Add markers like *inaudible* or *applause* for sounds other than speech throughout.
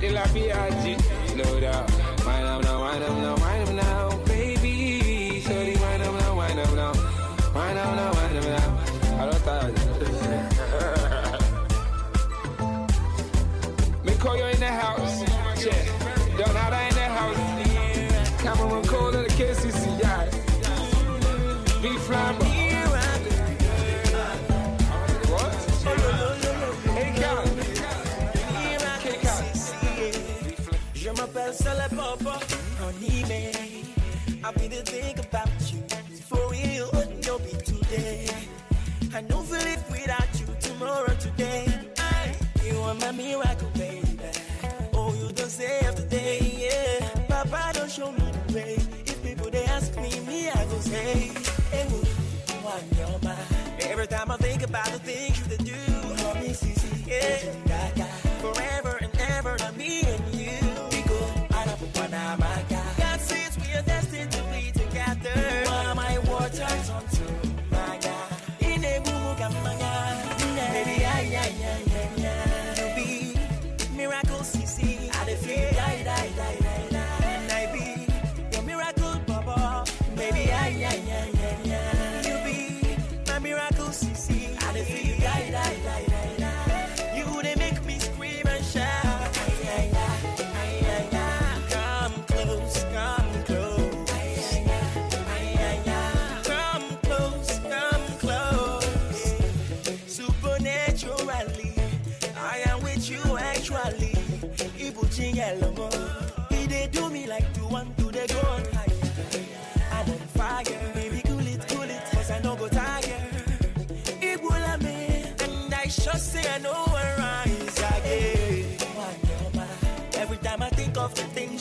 till I be Slow down, wind up now, wind up now, wind up now, baby. Shorty, wind up now, wind up now, wind up now. about the things you can do. Call me Yeah. just say I know I rise again. Every time I think of the things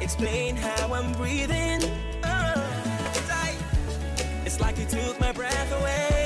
explain how I'm breathing. Oh, it's like you took my breath away.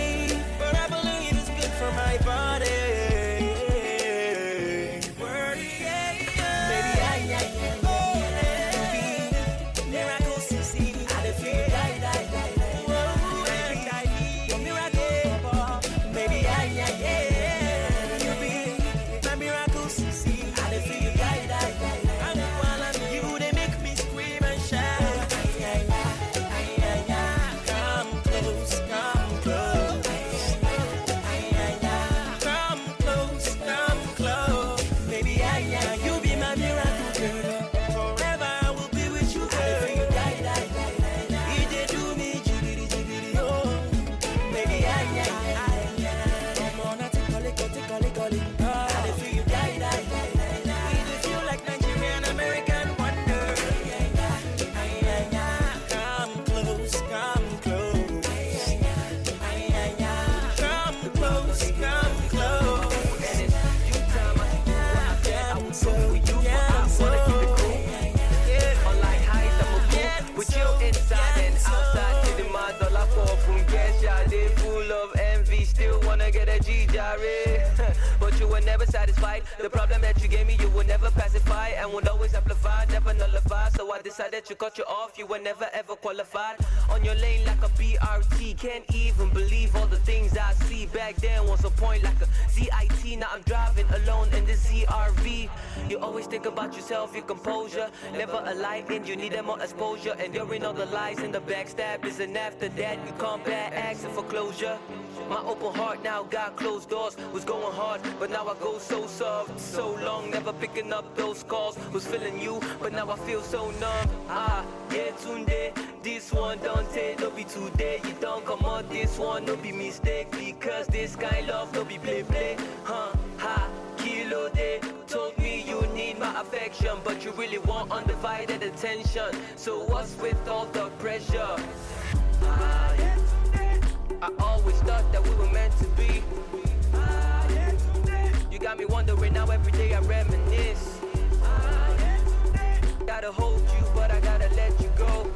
were never satisfied. The problem that you gave me, you will never pacify and will always amplify. Never nullify decided to cut you off, you were never ever qualified. On your lane like a BRT, can't even believe all the things I see. Back then was a point like a ZIT, now I'm driving alone in the ZRV. You always think about yourself, your composure. Never a light and you needed more exposure. And during all the lies and the backstab is an after that you come back asking for closure. My open heart now got closed doors. Was going hard, but now I go so soft. So long, never picking up those calls. Was feeling you, but now I feel so numb. Ah, yeah, today. This one don't say, no be today. You don't come on this one, no be mistake. Because this kind love, no be play play. Huh, ha, kilo day. Told me you need my affection, but you really want undivided attention. So what's with all the pressure? Ah, yeah, I always thought that we were meant to be. Ah, yeah, you got me wondering now every day I reminisce. Gotta hold you, but I gotta let you go.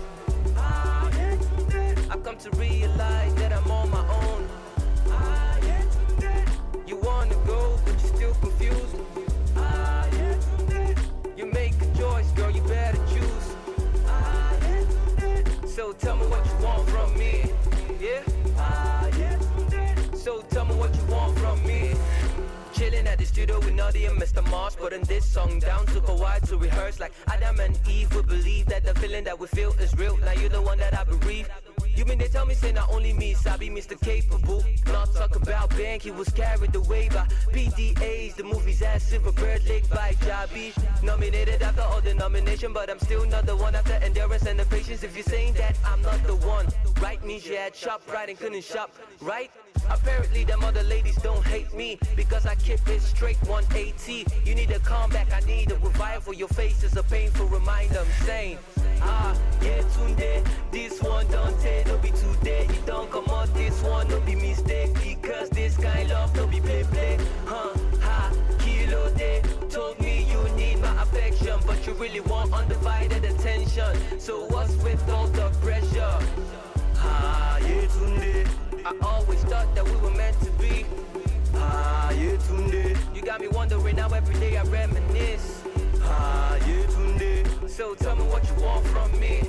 I've come to realize that I'm on my own. You wanna go, but you're still confused. You make a choice, girl, you better choose. So tell me what you want from me. studio with Nutty and Mr. Marsh Putting this song down took a while to rehearse Like Adam and Eve would believe that the feeling that we feel is real Now you're the one that I believe. You mean they tell me say not only me, Sabi Mr. Capable. Not talk about bank, he was carried away by PDAs, the movies as Silver Bird Lake by Jabi. Nominated after all the nomination, but I'm still not the one after endurance and the patience. If you're saying that I'm not the one, right means you had shop right and couldn't shop right. Apparently them other ladies don't hate me because I keep it straight 180. You need a comeback, I need a revival. Your face is a painful reminder. I'm saying, ah, yeah, Tunde, this one don't take day, no be today. You don't come out this one, no be mistake. Because this kind love, no be play play. Huh, ha, kilo day. Told me you need my affection, but you really want undivided attention. So what's with all the pressure? Ha? yeah, Tunde. I always thought that we were meant to be. Ha? yeah, Tunde. You got me wondering how every day I reminisce. Ha? yeah, Tunde. So tell me what you want from me.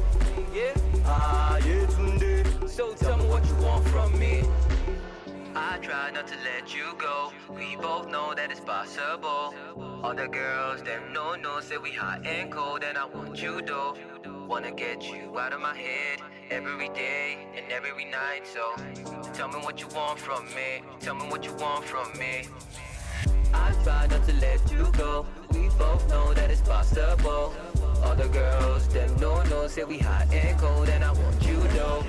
Yeah? Ah, yeah, Tunde. So tell me what you want from me. I try not to let you go. We both know that it's possible. All the girls, them no no, say we hot and cold, and I want you though. Wanna get you out of my head every day and every night. So tell me what you want from me. Tell me what you want from me. I try not to let you go. We both know that it's possible. All the girls, them no no say we hot and cold, and I want you though.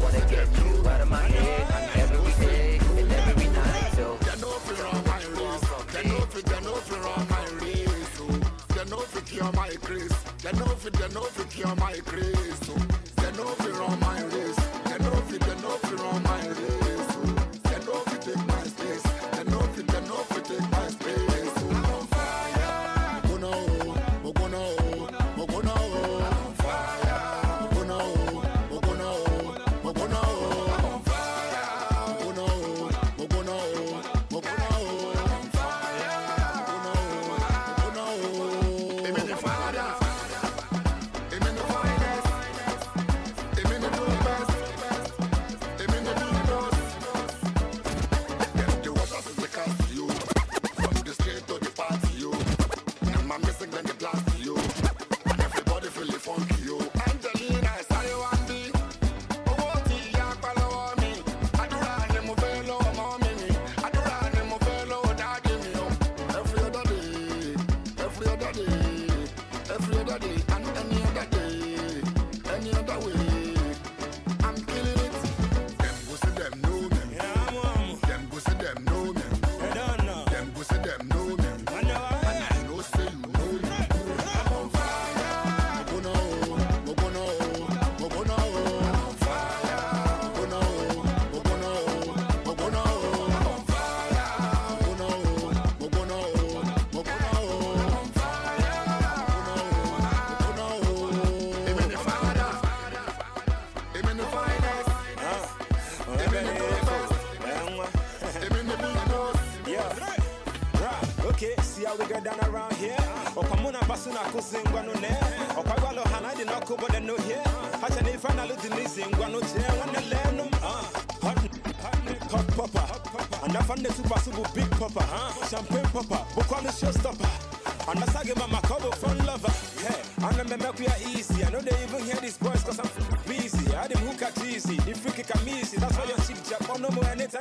Wanna get you out of my head day and every night. you know are on my wrist, you know if you on my wrist, you know if you're my grace, you know on my grace. Oh.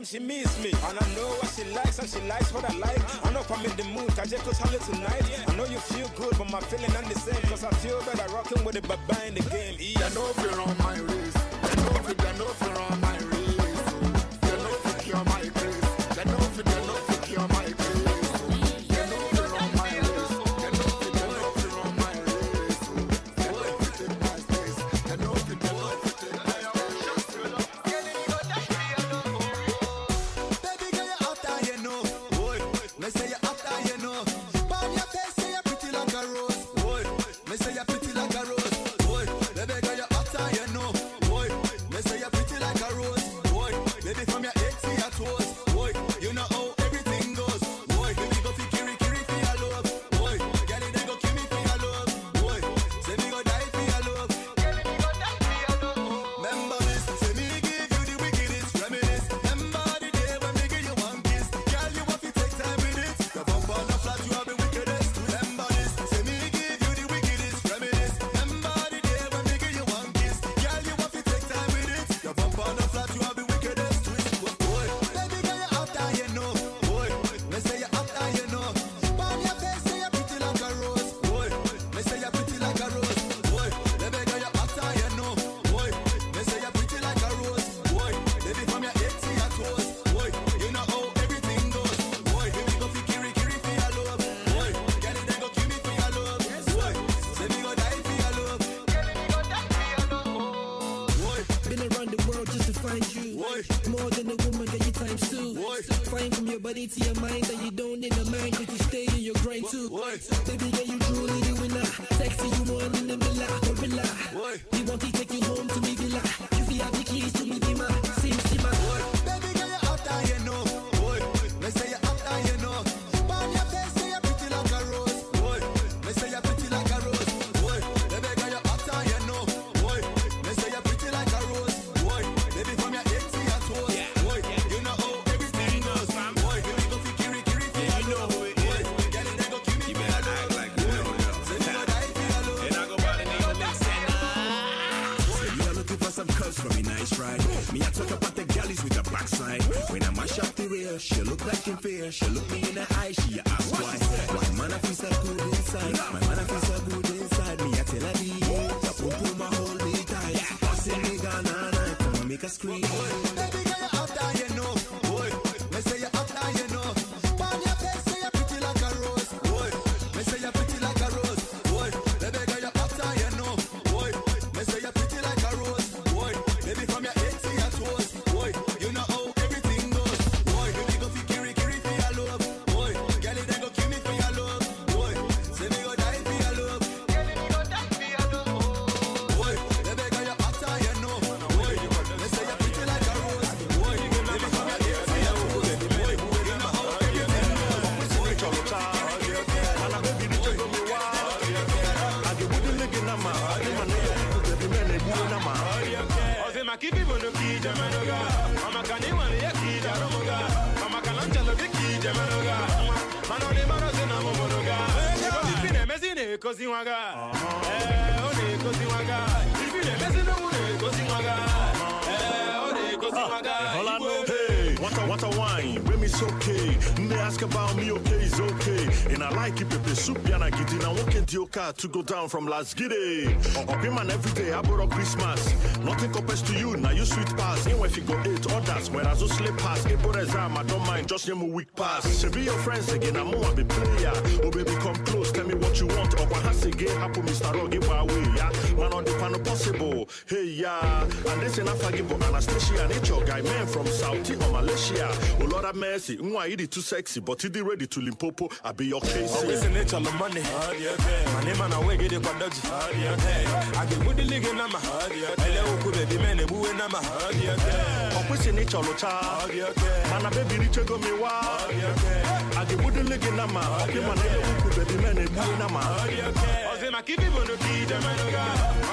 she miss me. And I know what she likes and she likes what I like. I know if I'm in the mood, cause I just tell her tonight. I know you feel good, but my feeling ain't the same. play to your mind that you don't need a mind, you can stay in your grind too. What? to go down from last giddy. Up him and every day, I brought up Christmas. Nothing compares to you, now you sweet pass. Even if you go eight others, where I just slip pass. A board exam, I don't mind, just name a week pass. Should be your friends again, I'm more be player. Oh baby, come close, tell me what you want. Or what has again, happen, Mr. Roggy, My way, yeah? Man on the panel possible. Tina Fagibo Anastasia, nature guy, man from Saudi or Malaysia. Oh Lord have mercy, why it is too sexy, but it is ready to Limpopo, I be your case. Always in nature, the money. My name and I will get it for dodgy. I get good the league in Nama. Hello, could be men who in Nama. Always in nature, Locha. Man, I baby, it go me wa. I get good the league in Nama. Okay, my name could be men who in Nama. I was in my keep it on the key, the man,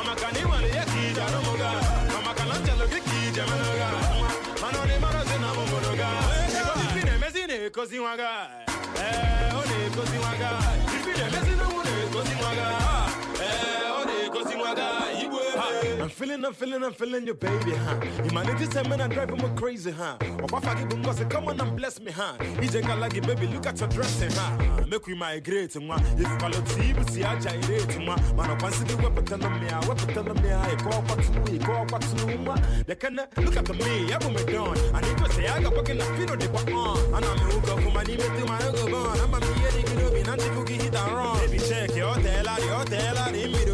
I'm a canny one, yes, I don't know makana chalo kiki jamanoga manone marose na momonoga ikozi ne mesine eh one kozi mune eh feeling, I'm feeling, I'm feeling your baby, huh? You manage to tell me I drive him crazy, huh? Oh, Papa give him gossip, come on and bless me, huh? He just got like baby, look at your dressing, huh? Make we migrate, ma. If follow TV, see I gyrate, ma. Man, I fancy the weapon, tell me, I weapon, tell me, I go up to me, go up to ma. They can look at me, I go me down. I need to say, I got fucking a feed on the button. And I'm a hook up for my name, my go on. Uh. I'm a me, I didn't know, and I'm the cookie hit and run. Baby, check your hotel, the hotel, the middle.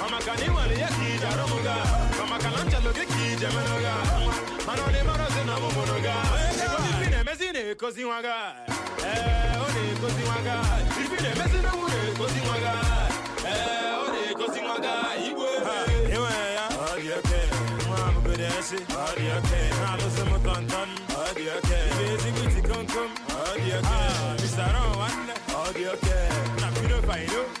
maka na you ihe ka iji arụ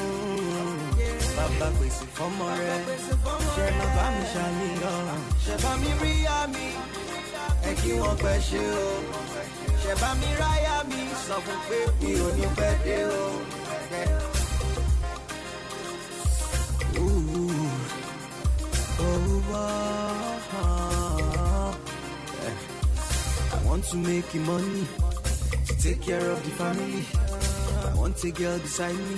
bàbá pèsè fọ́mọ rẹ̀ ṣe bàbá mi ṣàníyàn ṣe bá mi rí yá mi ẹ kí wọ́n pẹ́ ṣe o ṣe bá mi ráyà mi sọ fún pé mi ò ní pẹ́ dé o. Oh, eh. I want to make money to take care of the family. I want a girl beside me.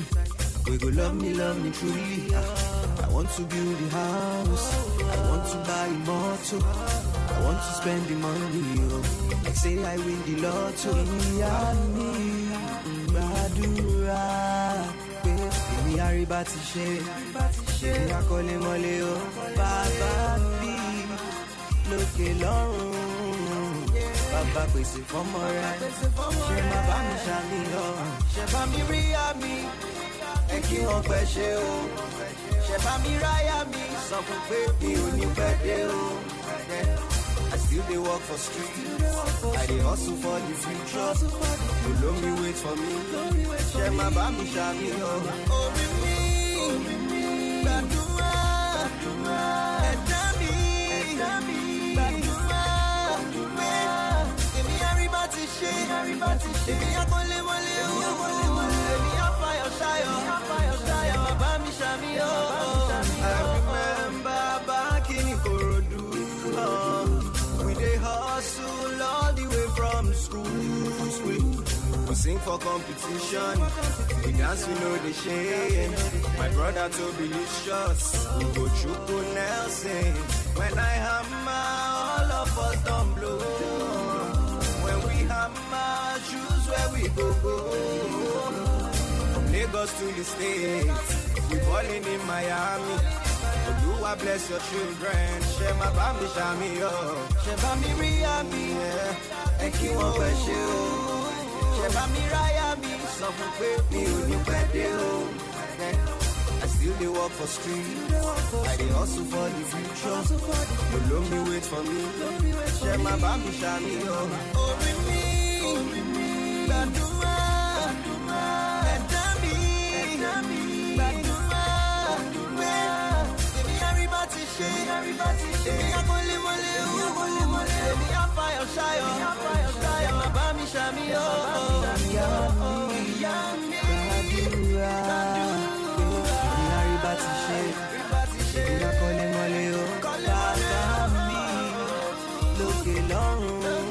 We go love me, love me truly. I want to build a house. I want to buy a motor. I want to spend the money. Oh. say I win the lotto. Ìyáni gbàdúrà me, Badura. àríbá are ṣe. Èmi akọ́lé mọ́lé o. Bàbá bí lókè lọ́rùn. Bàbá pèsè fọ́mọ rẹ̀. Ṣé má bá mi ṣàmì lọ? Ṣé bá mi rí àmì? ẹ kí wọ́n pẹ́ ṣe o mi ráyà mi sọ fún pé mi ò ní pẹ́ dé o. I still dey work for street, I dey hustle for the future, Olomi wait for me, ṣe máa bá mi ṣàmìlò. Omi mi, gbàdúrà, ẹ̀dá mi, gbàdúrà, pé èmi àríbá ti ṣe, èmi àpọ́nlé wọlé o. We sing for competition. We dance, we know the shame. My brother to be licious. We go Chuku Nelson. When I hammer, all of us don't blow. When we hammer, choose where we go go. From Lagos to the States, we ballin' in Miami do I bless your children? Shema bami shami yo. me, mi riyami. Eki won we se o. Shema mi rayami. Sọ fún pé mi ò ní pẹ́ dé o. ni pe de I still dey work for street. I dey hustle for the future. me wait for me. Shema bami shami yo. me, mi. Gbàdúrà. Gbàdúrà. fayọ̀ ṣayọ̀ ẹ má bá mi ṣàmì ó. ìyá mi àdúrà ìyá rí bá ti ṣe ìyá kọ́lé mọ́lé ó bàbá mi lókè lọ́rùn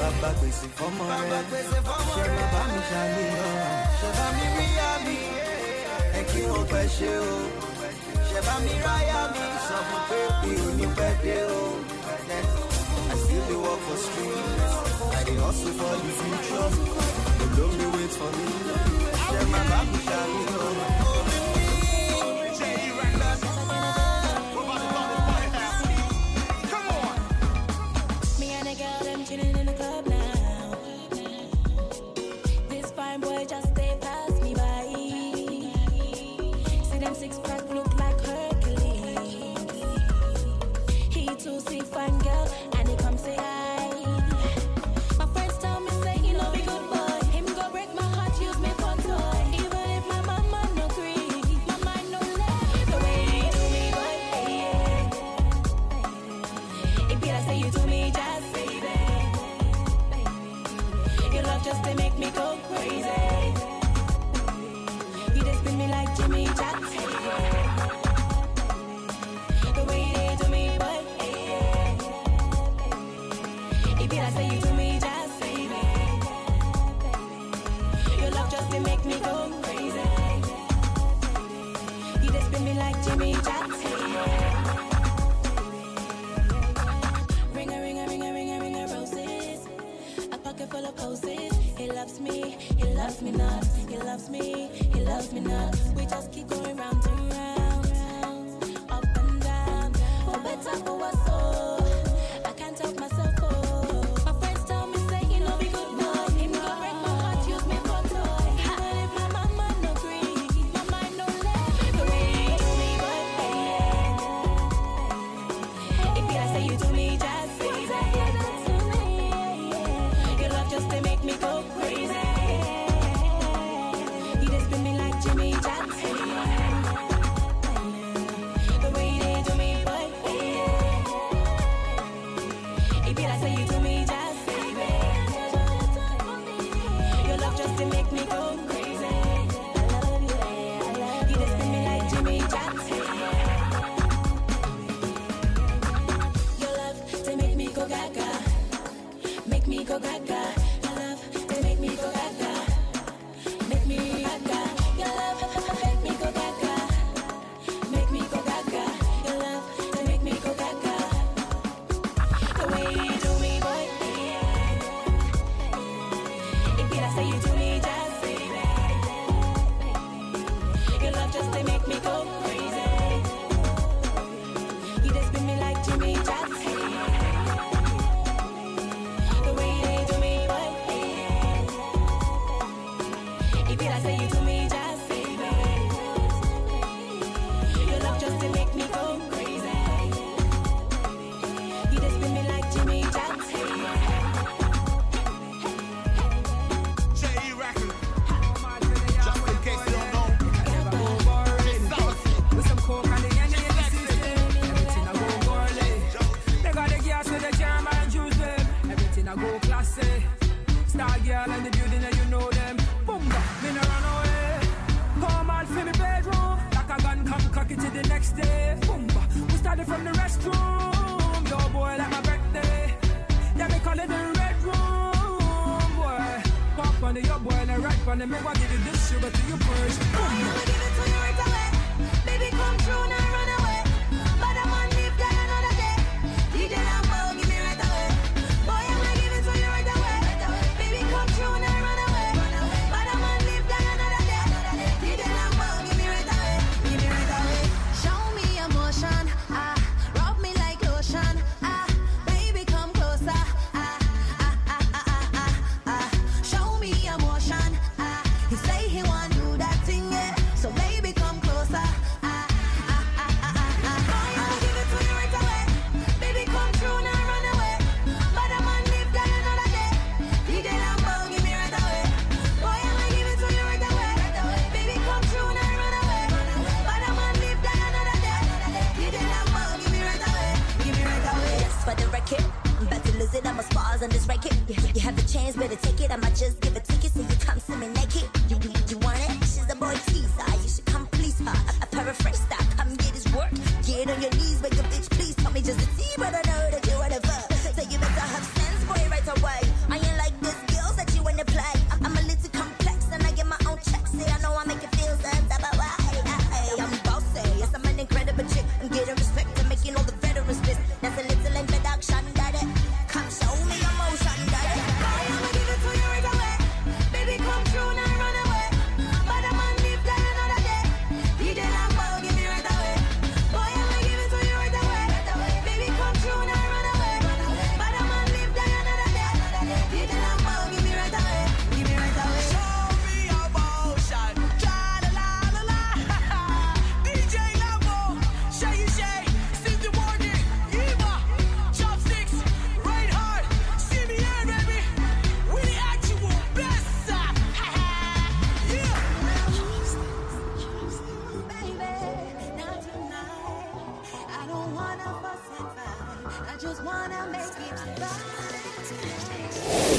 bàbá gbèsè fọ́mọ rẹ ṣe má bá mi ṣàmì ó. ṣe bá mi rí yá mi ẹ kí wọ́n pẹ́ ṣe o ṣe bá mi ráyà mi sọ fún pé mi ò ní pẹ́ dé o. dey work for street. I dey hustle for the future.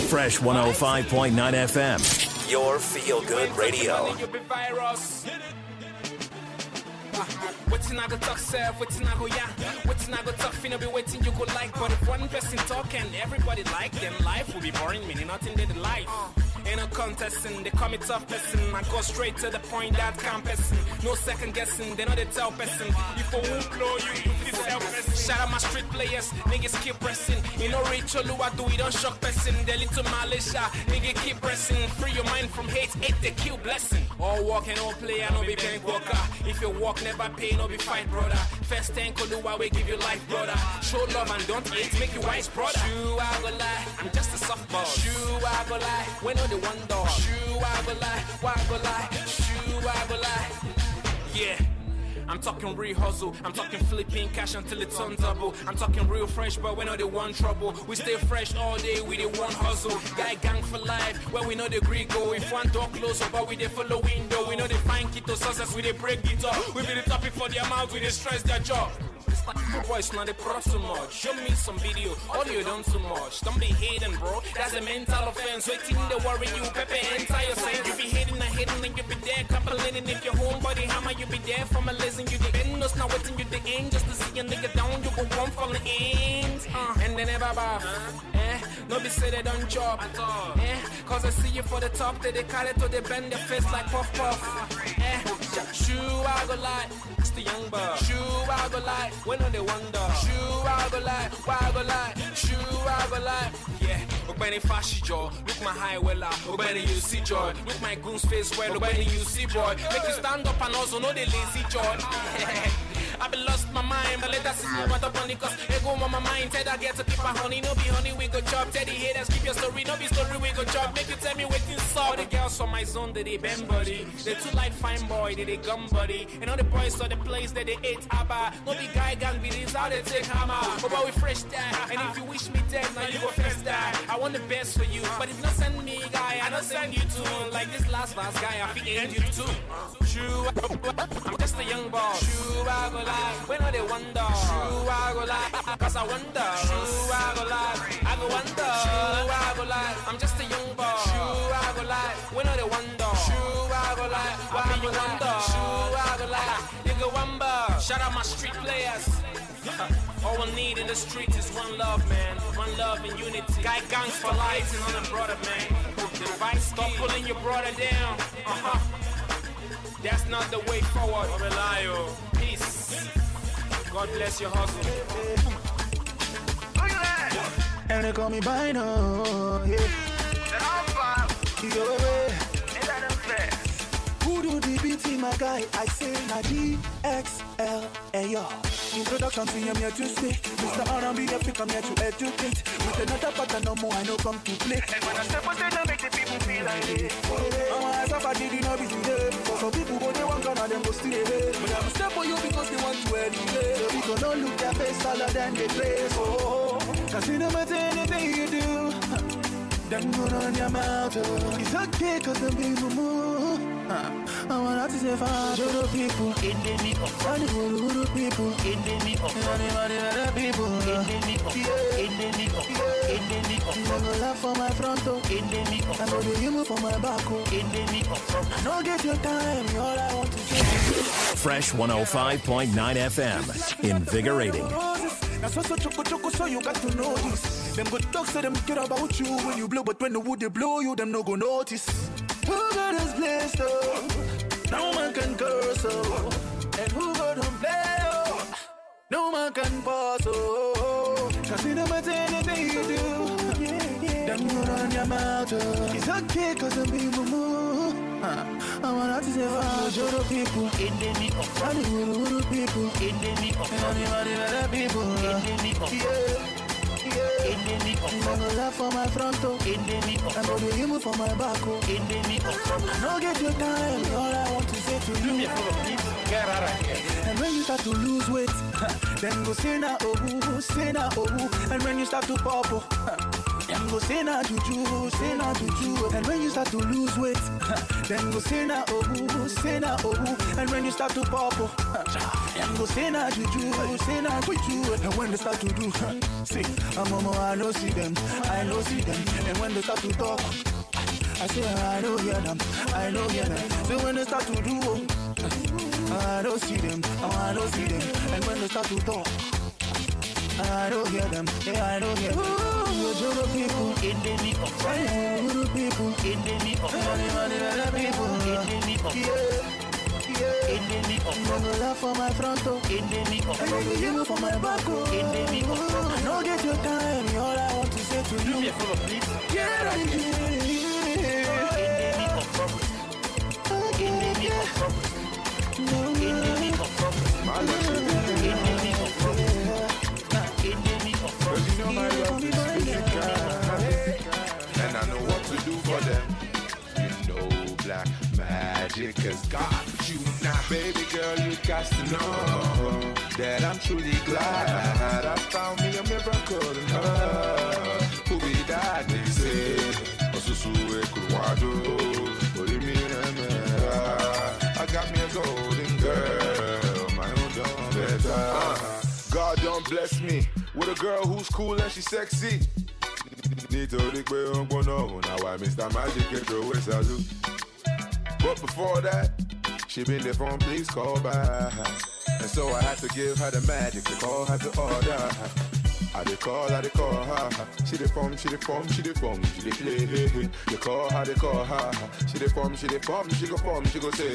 Fresh 105.9 FM, your feel good radio. Waiting, I go talk, sir. waiting, I go, yeah. Waiting, I go talk, finna be waiting, you go like. But if one person talk and everybody like, then life will be boring, meaning nothing did life. Ain't no contesting, they call me tough person. I go straight to the point that can't person. No second guessing, they know they tell person. If I won't blow you, you feel self Shout out my street players, niggas keep pressing. You know Rachel who I do, we don't shock person. They little militia, nigga keep pressing. Free your mind from hate, hate the kill blessing. All walk and all play, I no be bank walker. If you walk, never pay, no be fight, brother. First thing, I we give you life, brother. Show love and don't hate, make you wise, brother. You I go lie, I'm just a softball. Shoo, I go lie, when all the the one dog. Shoo, I will lie, why will lie? Shoo, I will lie. Yeah. I'm talking real hustle. I'm talking flipping cash until it's on double. I'm talking real fresh, but we know they want trouble. We stay fresh all day, we the one hustle. Guy gang for life, where we know the greed go. If one door close, but we the follow window. We know they find it to success, we they break it up. We be the topic for their mouth, we they stress their job. Voice pro so much. Show me some video, all you done too much. Don't be hating, bro. That's a mental offense. Waiting to worry you, Pepe, entire sense. You be hating I hating then you be there, coupling. And if your homebody hammer, you be there from a lesson. You the end, us now waiting you the end. Just to see a nigga down, you go one the ends. Uh, and they never buff. Uh, eh? nobody said say they don't job. At all. Eh? Cause I see you for the top, they, they carry or they bend their face like puff puff. Uh. Eh? ya. Shoo, I go like, it's the young boy. Shoo, I go like, when on the wonder. Shoo, I go like, why I go like, shoo, I go like, yeah. Obeni fashijo, look my high wella. Obeni you see joy, look my goon's face well. Obeni you see boy, make you stand up and also know the lazy joy. *laughs* I been lost my mind, but let us see what up on the cause. go on my mind, said I get to keep my honey. No be honey, we go chop. Teddy haters, keep your story. No be story, we go chop. Make you tell me what you saw. All the girls from my zone, they they bend buddy. They too light fine boy, they they gum buddy. And all the boys saw the place that they ate abba. No be guy gang be this, how they take hammer. But boy, we fresh die. And if you wish me dead, now you go first die. I want the best for you, but if not send me guy. I don't send you to like this last last guy. I be end you too. True, I'm just a young boy. True, I go lie, when are they wonder? True, I go lie, cause I wonder. True, I go lie, I go wonder. True, I go lie, I'm just a young boy. True, I go lie, when are they wonder? True, I go lie, why you wonder? True, I go lie, you go wonder. Shout out my street players. *laughs* All we need in the streets is one love, man. One love and unity. Guy gangs for life and on a brother, man. The stop pulling your brother down. Uh huh. That's not the way forward. Aurelio. God bless your hustle. And they call me by now. Yeah. Yo, Who do the beat my guy? I say na DXL. Eh, Introduction to him here to stay. Mr. R&B, the pick I'm here to educate. With another pattern, no more I know come to play. And when I step on stage, I make the people feel like it. Oh, I suffer, did you know, some people go they want and them go still away. Eh. But I'm step for you because they want to anyway. people don't look their face taller than their face. Oh, oh, oh. Cause you no matter anything you do. Then go on your mouth, It's okay, cause the people move. Uh, I wanna to say for Joro people. Enemy of Sunny Guru people. Enemy of Anybody better people. Enemy of Enemy of Enemy of I go laugh for my front, oh. Enemy of I know they give for my back, oh. Enemy of No get your time, all I want to say. Fresh 105.9 FM. Invigorating. That's what's so choco choco, so you got to know this. Them good talk say them care about you when you blow, but when the wood they blow you, them no go notice. Who got us blessed oh? No man can curse oh. And who got him play oh? No man can pass oh. Cause it don't matter anything you do. them yeah. you run your mouth oh. It's okay cause I'm being moo. Uh, I wanna to say for Joro people, enemy of Hollywood people, in the enemy of anybody better people, in enemy of yeah. Enemy of front. No love for my front oh. Enemy of front. I'm gonna for my back oh. Enemy of front. no get your time. All I want to say to you. Do me a favor, please. Get out of here. And when you start to lose weight, then go say na oh, say na oh. And when you start to pop oh. Then go say na juju, say na juju. And when you start to lose weight, then go say na oh, say na oh. And when you start to pop oh don't Yango sena juju, sena juju. And when they start to do, see, I'm on I know see them, I know see them. And when they start to talk, I say ah, I know hear them, I know hear them. So when they start to do, oh, ah, I don't see them, ah, I don't see them. And when they start to talk. I don't hear them, yeah, I don't hear them. Ojoro people, enemy of God. Ojoro people, enemy of God. Money, money, people, enemy of God of for my front, oh. of for my back, oh. of I no get your time, all I want to say to you. Do me a favor, please. Get out of here. Enemy of love. Enemy of love. Enemy of love. Enemy of love. Enemy of love. Cause you know my love is physical. And I know what to do for them. You know black magic has got Baby girl, you got to know that I'm truly glad I found me a miracle in her. Who be that they say? Osusu Ekuwado, Olimi Remera. I got me a golden girl, my own done better. God don't bless me with a girl who's cool and she's sexy. nítorí pé ó ń gbóná òun àwa mr magic kejì owó ìṣáájú. but before that. She been there from please call by. And so I had to give her the magic, the call had to order. I they call, I they call her. She the form, she the form, she the form, she the play. They call her, they call her. She the form, she the form, she go form, she go say.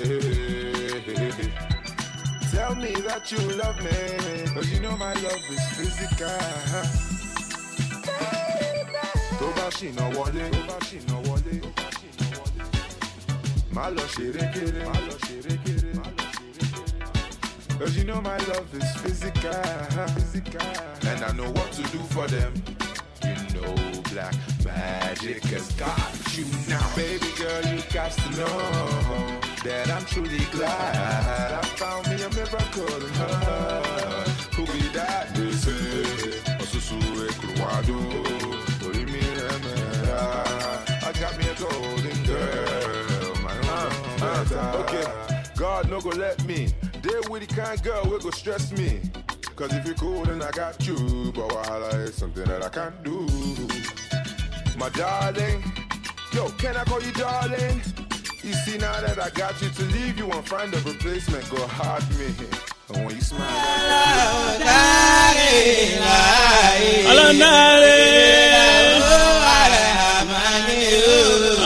Tell me that you love me, cause oh, you know my love is physical. Tó bá ṣìnà wọlé, no bá ṣìnà wọlé, tó bá ṣìnà wọlé my love shirikiri, my love shirikiri, my love shirikiri. Cause you know my love is physical, physical, and I know what to do for them. You know black magic has got you now, baby girl. You got to know that I'm truly glad I found me a miracle in her. Who be that? They say, Osusu Ekruwado, Orimi Emera. I got me a gold. Okay, God no go let me. Deal with the kind girl we go stress me. Cause if you cool, then I got you. But I is something that I can't do. My darling, yo, can I call you darling? You see now that I got you to leave you and find a replacement, go hard me. And when you smile, Allah,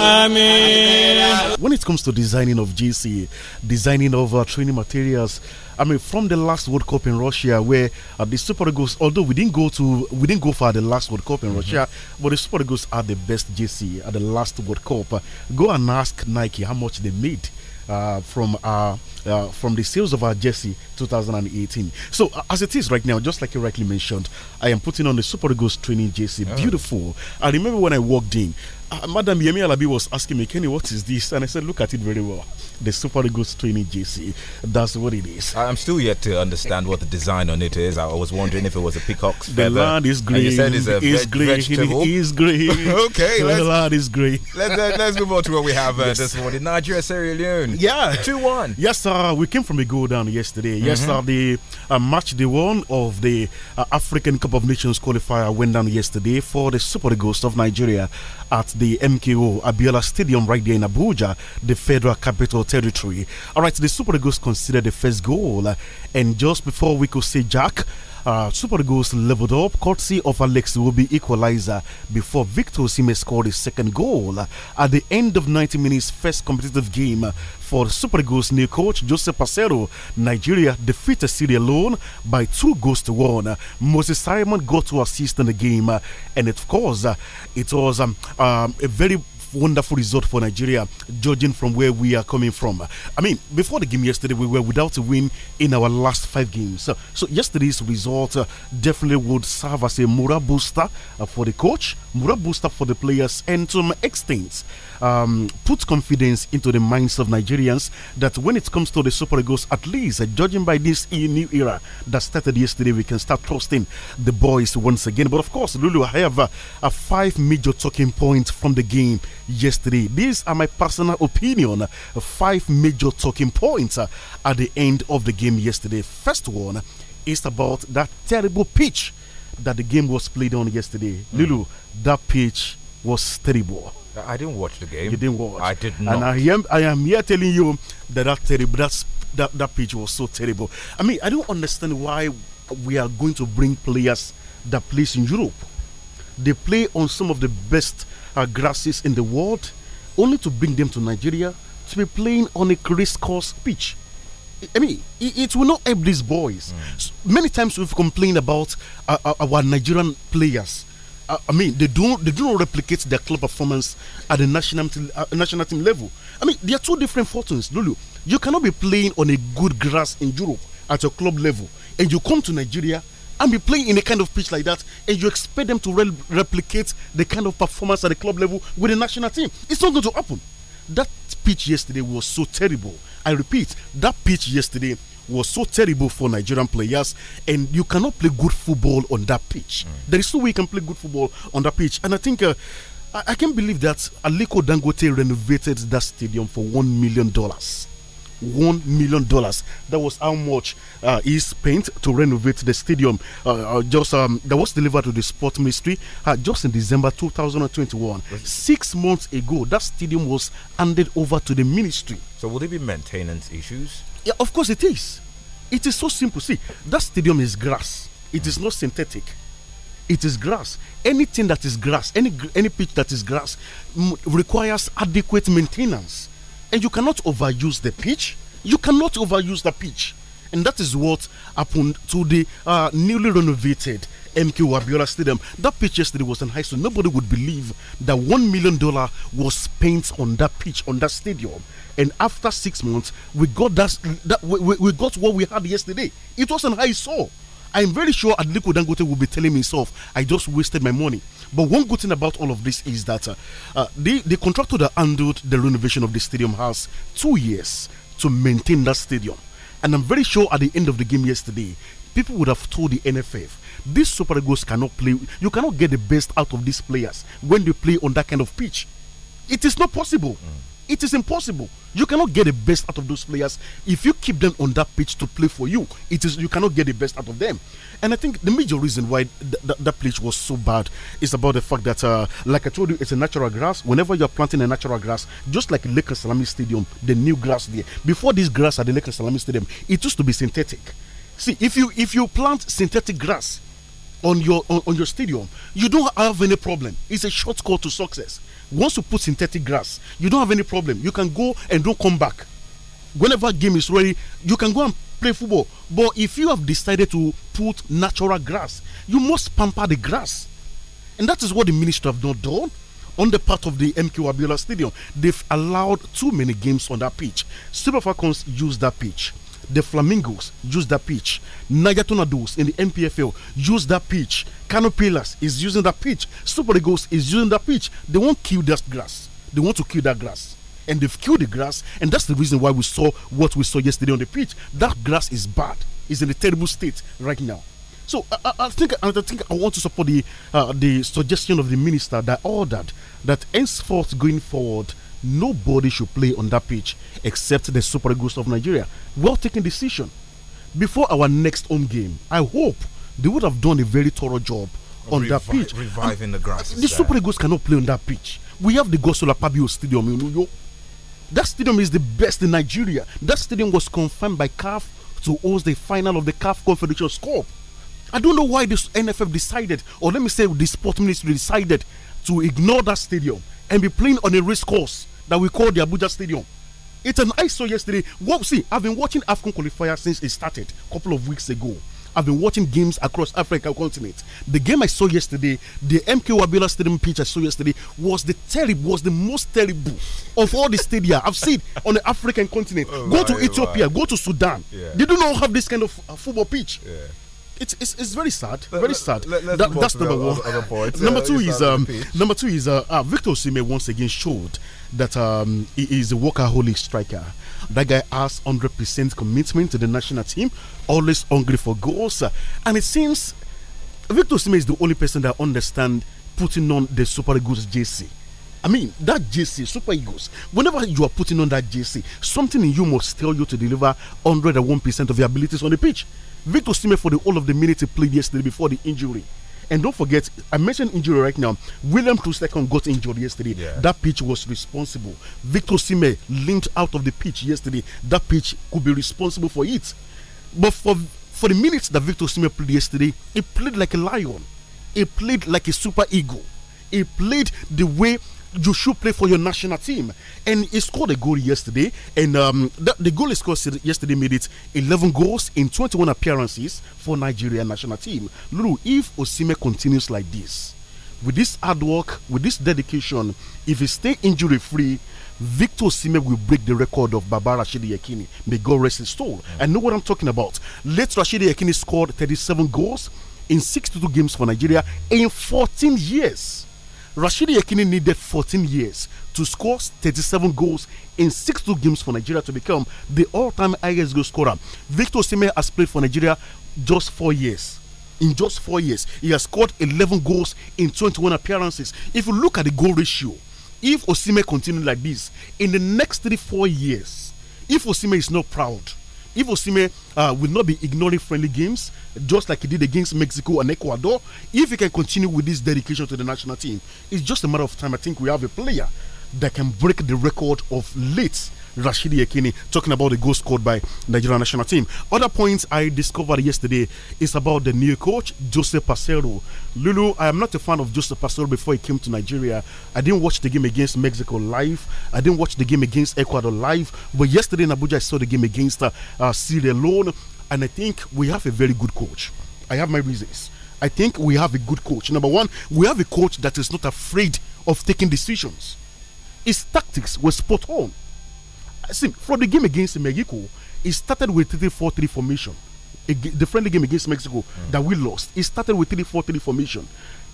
Amen. When it comes to designing of GC, designing of uh, training materials, I mean, from the last World Cup in Russia, where uh, the Super Eagles, although we didn't go to, we didn't go for the last World Cup in mm -hmm. Russia, but the Super Eagles are the best GC at the last World Cup. Uh, go and ask Nike how much they made uh, from. Uh, uh, from the sales of our jersey 2018. So, uh, as it is right now, just like you rightly mentioned, I am putting on the Super Eagles training jersey. Oh. Beautiful. I remember when I walked in, uh, Madam Yemi Alabi was asking me, Kenny, what is this? And I said, look at it very well. The Super Eagles training JC. That's what it is. I'm still yet to understand what the design on it is. I was wondering if it was a peacock's feather. The land is green. And you said it's a is green. vegetable. It is green. *laughs* okay. The let's, land is green. Let's, uh, let's move on to what we have uh, yes. this morning. Nigeria, Sierra Leone. Yeah. 2-1. Yes, sir uh, we came from a goal down yesterday. Mm -hmm. Yesterday, uh, match the one of the uh, African Cup of Nations qualifier went down yesterday for the Super Ghost of Nigeria at the MKO Abiola Stadium right there in Abuja, the Federal Capital Territory. All right, the Super Ghost considered the first goal, uh, and just before we could say Jack. Uh, Super Eagles leveled up courtesy of Alex Wobi equalizer before Victor Sime scored his second goal. at the end of 90 minutes, first competitive game, for Super Eagles new coach Joseph Pacero. Nigeria defeated Syria alone by two goals to one. Moses Simon got to assist in the game, and of course, uh, it was um, um, a very wonderful result for Nigeria, judging from where we are coming from. I mean, before the game yesterday, we were without a win in our last five games. So, so yesterday's result uh, definitely would serve as a moral booster uh, for the coach, moral booster for the players, and to an extent, um, confidence into the minds of Nigerians that when it comes to the Super Eagles, at least uh, judging by this new era that started yesterday, we can start trusting the boys once again. But of course, Lulu, I have uh, five major talking points from the game yesterday. These are my personal opinion. Uh, five major talking points uh, at the end of the game yesterday. First one is about that terrible pitch that the game was played on yesterday. Mm. Lulu, that pitch was terrible. I didn't watch the game. You didn't watch. I did not. And I am, I am here telling you that that terrible, that, that that pitch was so terrible. I mean, I don't understand why we are going to bring players that plays in Europe. They play on some of the best uh, grasses in the world, only to bring them to Nigeria to be playing on a crisscross pitch. I mean, it, will not help these boys. Mm. many times we've complained about uh, uh our Nigerian players I, I mean, they do not they do not replicate their club performance at the national team, uh, national team level. I mean, they are two different fortunes, Lulu. You cannot be playing on a good grass in Europe at your club level, and you come to Nigeria and be playing in a kind of pitch like that, and you expect them to re replicate the kind of performance at the club level with the national team. It's not going to happen. That pitch yesterday was so terrible. I repeat, that pitch yesterday was so terrible for Nigerian players, and you cannot play good football on that pitch. Mm. There is no way you can play good football on that pitch, and I think. Uh, I, I can't believe that Aliko Dangote renovated that stadium for one million dollars one million dollars. That was how much uh, he spent to renovate the stadium. Uh, uh, just um, that was delivered to the sport ministry uh, just in December 2021. Six months ago, that stadium was handed over to the ministry. So, will there be maintenance issues? Yeah, of course it is. It is so simple. See, that stadium is grass. It is not synthetic. It is grass. Anything that is grass, any any pitch that is grass, requires adequate maintenance, and you cannot overuse the pitch. You cannot overuse the pitch, and that is what happened to the uh, newly renovated MQ Wabiola Stadium. That pitch yesterday was in high school. Nobody would believe that $1 million was spent on that pitch, on that stadium. And after six months, we got that, that we, we, we got what we had yesterday. It was an high saw. I'm very sure Adliko Dangote will be telling himself, I just wasted my money. But one good thing about all of this is that uh, uh, the, the contractor that handled the renovation of the stadium has two years to maintain that stadium. And I'm very sure at the end of the game yesterday, people would have told the NFF these Super Eagles cannot play. You cannot get the best out of these players when they play on that kind of pitch. It is not possible. Mm. It is impossible. You cannot get the best out of those players if you keep them on that pitch to play for you. It is you cannot get the best out of them. And I think the major reason why th th that pitch was so bad is about the fact that, uh, like I told you, it's a natural grass. Whenever you're planting a natural grass, just like Lake Salami Stadium, the new grass there. Before this grass at the Lake Salami Stadium, it used to be synthetic. See, if you if you plant synthetic grass, on your on, on your stadium, you don't have any problem. It's a shortcut to success. Once you put synthetic grass, you don't have any problem. You can go and don't come back. Whenever game is ready, you can go and play football. But if you have decided to put natural grass, you must pamper the grass. And that is what the minister have not done on the part of the MQ Abiola Stadium. They've allowed too many games on that pitch. Super Falcons use that pitch the Flamingos use that pitch. Niger Tornadoes in the MPFL use that pitch. Cano Pillars is using that pitch. Super Eagles is using that pitch. They won't kill that grass. They want to kill that grass. And they've killed the grass, and that's the reason why we saw what we saw yesterday on the pitch. That grass is bad. It's in a terrible state right now. So I, I, think I think I want to support the uh, the suggestion of the minister that ordered that henceforth going forward, nobody should play on that pitch except the Super Eagles of Nigeria. Well taken decision. Before our next home game, I hope they would have done a very thorough job on Revi that pitch. Reviving the grass. The there. Super Eagles cannot play on that pitch. We have the Gosola Pabio Stadium in York. That stadium is the best in Nigeria. That stadium was confirmed by CAF to host the final of the CAF Confederation Cup. I don't know why this NFF decided, or let me say, the Sport Ministry decided to ignore that stadium and be playing on a race course that we call the Abuja Stadium. It's an I saw yesterday. What well, see, I've been watching African qualifier since it started a couple of weeks ago. I've been watching games across Africa continent. The game I saw yesterday, the MK Wabila Stadium pitch I saw yesterday was the terrible, was the most terrible of all the stadia I've seen on the African continent. Oh, go to Ethiopia, go to Sudan. Yeah. They do not have this kind of uh, football pitch. Yeah it's it's, it's very sad, let, very sad. Let, that, that's number one. number two is um, number two is uh, uh Victor Sime once again showed that um, he is a workaholic striker. That guy has 100% commitment to the national team, always hungry for goals. And it seems Victor Sima is the only person that understands putting on the Super Eagles JC. I mean, that JC, Super Eagles, whenever you are putting on that JC, something in you must tell you to deliver 101% of your abilities on the pitch. Victor Sima, for the whole of the minute he played yesterday before the injury, and don't forget, I mentioned injury right now. William Trusecon got injured yesterday. Yeah. That pitch was responsible. Victor Sime limped out of the pitch yesterday. That pitch could be responsible for it. But for for the minutes that Victor Sime played yesterday, he played like a lion. He played like a super eagle. He played the way you should play for your national team. And he scored a goal yesterday, and um, the, the, goal he scored yesterday made it 11 goals in 21 appearances for Nigeria national team. Lulu, if Osime continues like this, with this hard work, with this dedication, if he stay injury free, Victor Osime will break the record of Baba Rashidi Yakini. May God rest his soul. I know what I'm talking about. Late Rashidi Yakini scored 37 goals in 62 games for Nigeria in 14 years. Rashidi Yekini needed 14 years to score 37 goals in 6-2 games for Nigeria to become the all-time highest goal scorer. Victor Osimhen has played for Nigeria just four years. In just four years, he has scored 11 goals in 21 appearances. If you look at the goal ratio, if Osimhen continues like this, in the next three, four years, if Osimhen is not proud, if Osime uh, will not be ignoring friendly games, just like he did against Mexico and Ecuador, if he can continue with this dedication to the national team, it's just a matter of time. I think we have a player that can break the record of late Rashidi Ekini talking about the goal scored by Nigerian national team. Other points I discovered yesterday is about the new coach, Joseph Pacero. Lulu, I am not a fan of Joseph Pacero before he came to Nigeria. I didn't watch the game against Mexico live. I didn't watch the game against Ecuador live. But yesterday in Abuja, I saw the game against uh, uh Syria alone. And I think we have a very good coach. I have my reasons. I think we have a good coach. Number one, we have a coach that is not afraid of taking decisions. His tactics were spot on see, from the game against Mexico, it started with 3 4 3 formation. The friendly game against Mexico mm. that we lost, it started with 3 4 3 formation.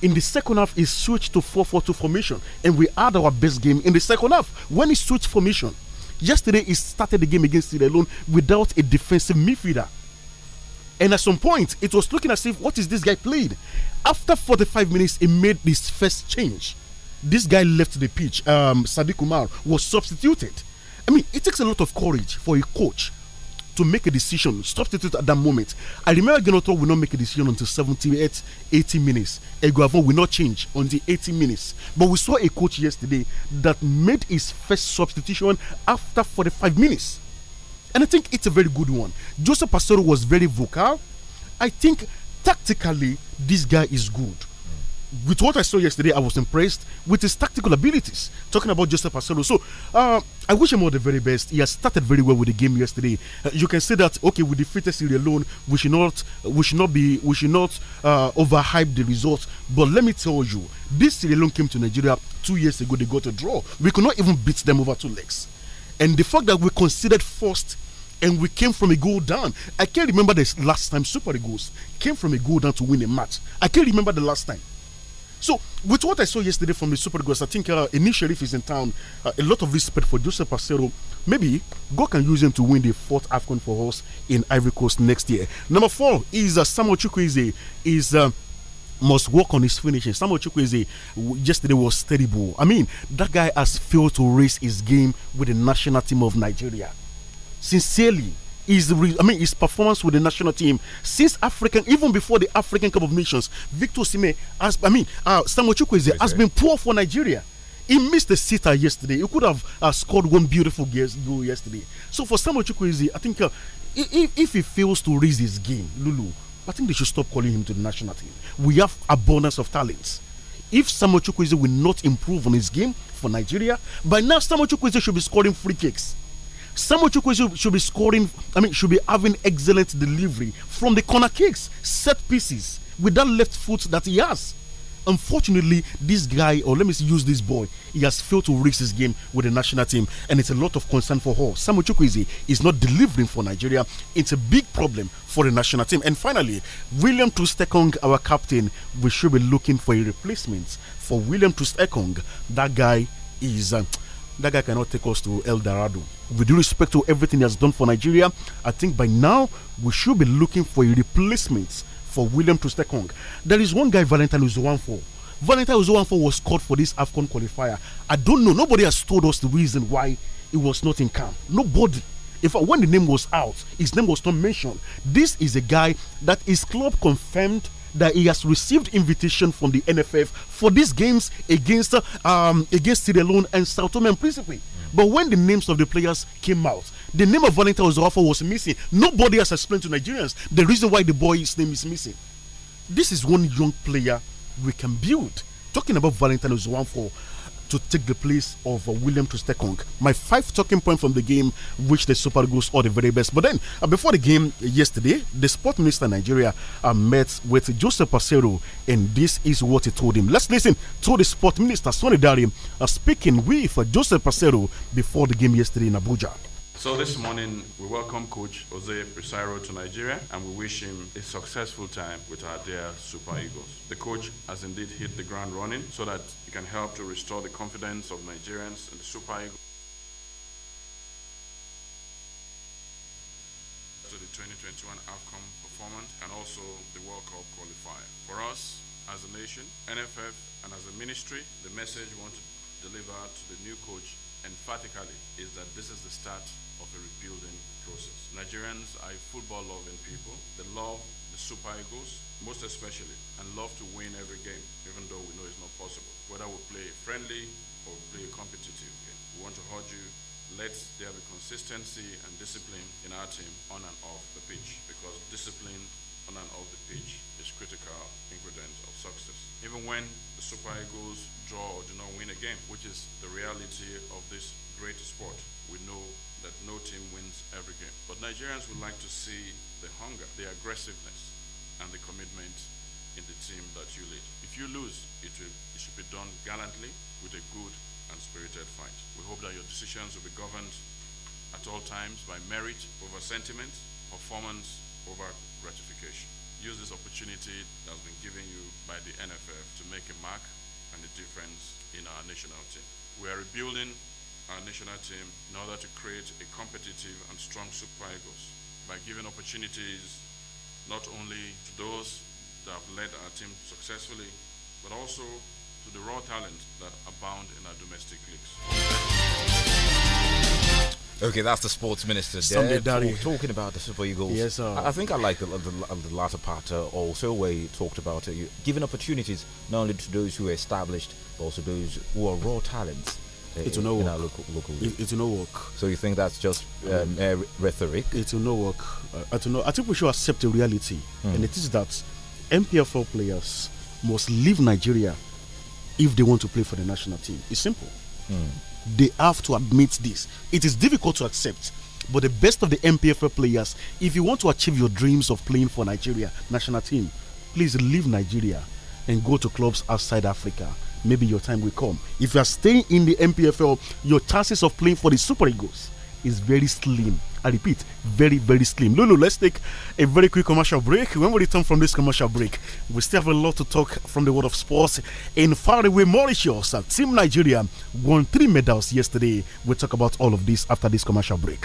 In the second half, it switched to 4 4 2 formation, and we had our best game in the second half when it switched formation. Yesterday, he started the game against Sierra Leone without a defensive midfielder. And at some point, it was looking as if, what is this guy played? After 45 minutes, he made his first change. This guy left the pitch. Um, Sadiq Umar was substituted. I mean, it takes a lot of courage for a coach to make a decision, substitute at that moment. I remember Genoto will not make a decision until 78, 80 minutes. Eguavon will not change on the 80 minutes. But we saw a coach yesterday that made his first substitution after 45 minutes. And I think it's a very good one. Joseph Pastore was very vocal. I think tactically, this guy is good with what I saw yesterday, I was impressed with his tactical abilities. Talking about Joseph Marcelo. So uh, I wish him all the very best. He has started very well with the game yesterday. Uh, you can say that okay, we defeated Syria alone. We should not we should not be we should not uh, overhype the result. But let me tell you, this Syria alone came to Nigeria two years ago. They got a draw. We could not even beat them over two legs. And the fact that we considered first and we came from a goal down. I can't remember the last time Super Eagles came from a goal down to win a match. I can't remember the last time. So, with what I saw yesterday from the Super Eagles, I think uh, initially if he's in town, uh, a lot of respect for Joseph Pacero. Maybe God can use him to win the fourth AFCON for us in Ivory Coast next year. Number four is uh, Samuel Chukwueze. Is uh, must work on his finishing. Samuel Chukwueze yesterday was terrible. I mean, that guy has failed to raise his game with the national team of Nigeria. Sincerely, his I mean his performance with the national team since African even before the African Cup of Nations, Victor Sime has I mean uh, Samuel Chukwueze has been poor for Nigeria. He missed the sitter yesterday. He could have uh, scored one beautiful goal yesterday. So for Samuel Chukwueze, I think uh, if, if he fails to raise his game, Lulu, I think they should stop calling him to the national team. We have abundance of talents. If Samuel Chukwueze will not improve on his game for Nigeria, by now Samuel Chukwueze should be scoring free kicks. Samu Chukwu should, should, be scoring, I mean, should be having excellent delivery from the corner kicks, set pieces, with that left foot that he has. Unfortunately, this guy, or let me use this boy, he has failed to reach his game with the national team, and it's a lot of concern for her. Samu Chukwueze is not delivering for Nigeria. It's a big problem for the national team. And finally, William Tustekong, our captain, we should be looking for a replacement for William Tustekong. That guy is. Uh, that guy cannot take us to El Dorado. With due respect to everything he has done for Nigeria, I think by now we should be looking for a replacement for William Trustekong. There is one guy, Valentine Uzuanfo. Valentine Uzuanfo was called for this AFCON qualifier. I don't know. Nobody has told us the reason why he was not in camp. Nobody. If when the name was out, his name was not mentioned. This is a guy that his club confirmed that he has received invitation from the NFF for these games against um, against Sierra Leone and South Tome and Principe. Mm. But when the names of the players came out, the name of Valentine Ozoafo was missing. Nobody has explained to Nigerians the reason why the boy's name is missing. This is one young player we can build. Talking about Valentine Ozoafo, to take the place of uh, William Tristekong. My five talking points from the game, which the Super Eagles are the very best. But then, uh, before the game yesterday, the sport minister Nigeria uh, met with Joseph Pasero, and this is what he told him. Let's listen to the sport minister Sonny Dari uh, speaking with uh, Joseph Pasero before the game yesterday in Abuja. So this morning, we welcome Coach Jose Presairo to Nigeria and we wish him a successful time with our dear Super Eagles. The coach has indeed hit the ground running so that he can help to restore the confidence of Nigerians in the Super Eagles. To the 2021 AFCOM performance and also the World Cup qualifier. For us, as a nation, NFF, and as a ministry, the message we want to deliver to the new coach emphatically is that this is the start of rebuilding process. Nigerians are football loving people. They love the Super Eagles, most especially, and love to win every game, even though we know it's not possible. Whether we play friendly or play competitive game, eh, we want to urge you let there be consistency and discipline in our team on and off the pitch because discipline on and off the pitch is critical ingredient of success. Even when the Super Eagles draw or do not win a game, which is the reality of this great sport, we know that no team wins every game. But Nigerians would like to see the hunger, the aggressiveness, and the commitment in the team that you lead. If you lose, it, will, it should be done gallantly with a good and spirited fight. We hope that your decisions will be governed at all times by merit over sentiment, performance over gratification. Use this opportunity that has been given you by the NFF to make a mark and a difference in our national team. We are rebuilding our national team in order to create a competitive and strong Super Eagles by giving opportunities not only to those that have led our team successfully, but also to the raw talent that abound in our domestic leagues. Okay, that's the sports minister Sunday Daddy. Talk, talking about the Super Eagles. Yes, sir. I, I think I like the, the, the latter part uh, also where you talked about uh, giving opportunities not only to those who are established, but also those who are raw talents it's a no work. Local, local it, it's a no work. So you think that's just um, um rhetoric? It's a no work. I, don't know. I think we should accept the reality, mm. and it is that MPFL players must leave Nigeria if they want to play for the national team. It's simple. Mm. They have to admit this. It is difficult to accept, but the best of the MPFL players, if you want to achieve your dreams of playing for Nigeria national team, please leave Nigeria and go to clubs outside Africa maybe your time will come. If you are staying in the MPFL, your chances of playing for the Super Eagles is very slim. I repeat, very, very slim. Lulu, let's take a very quick commercial break. When we return from this commercial break, we still have a lot to talk from the world of sports. In far away Mauritius, Team Nigeria won three medals yesterday. We'll talk about all of this after this commercial break.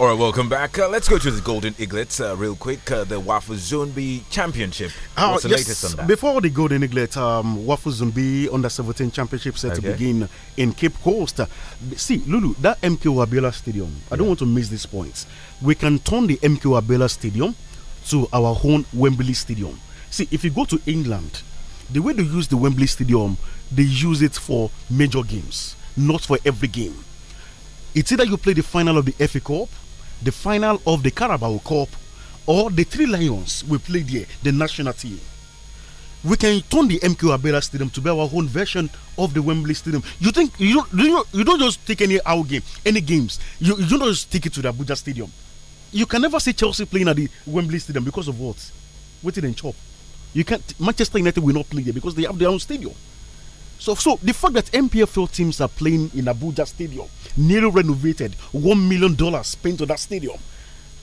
All right, welcome back. Uh, let's go to the Golden Eaglets uh, real quick. Uh, the Waffle Zumbi Championship. Ah, What's the yes, latest on that? Before the Golden Eaglet, um, Wafu Zumbi Under 17 Championship set okay. to begin in Cape Coast. Uh, see, Lulu, that MK Abela Stadium, I yeah. don't want to miss this point. We can turn the MK Abela Stadium to our own Wembley Stadium. See, if you go to England, the way they use the Wembley Stadium, they use it for major games, not for every game. It's either you play the final of the FA Cup the final of the Carabao Cup or the Three Lions we played there, the national team. We can turn the MQ Abela Stadium to be our own version of the Wembley Stadium. You think you don't you, you don't just take any out game, any games. You you don't just take it to the Abuja Stadium. You can never see Chelsea playing at the Wembley Stadium because of what? Waiting and chop. You can't Manchester United will not play there because they have their own stadium. So, so the fact that MPFL teams are playing in Abuja Stadium, nearly renovated, one million dollars spent on that stadium,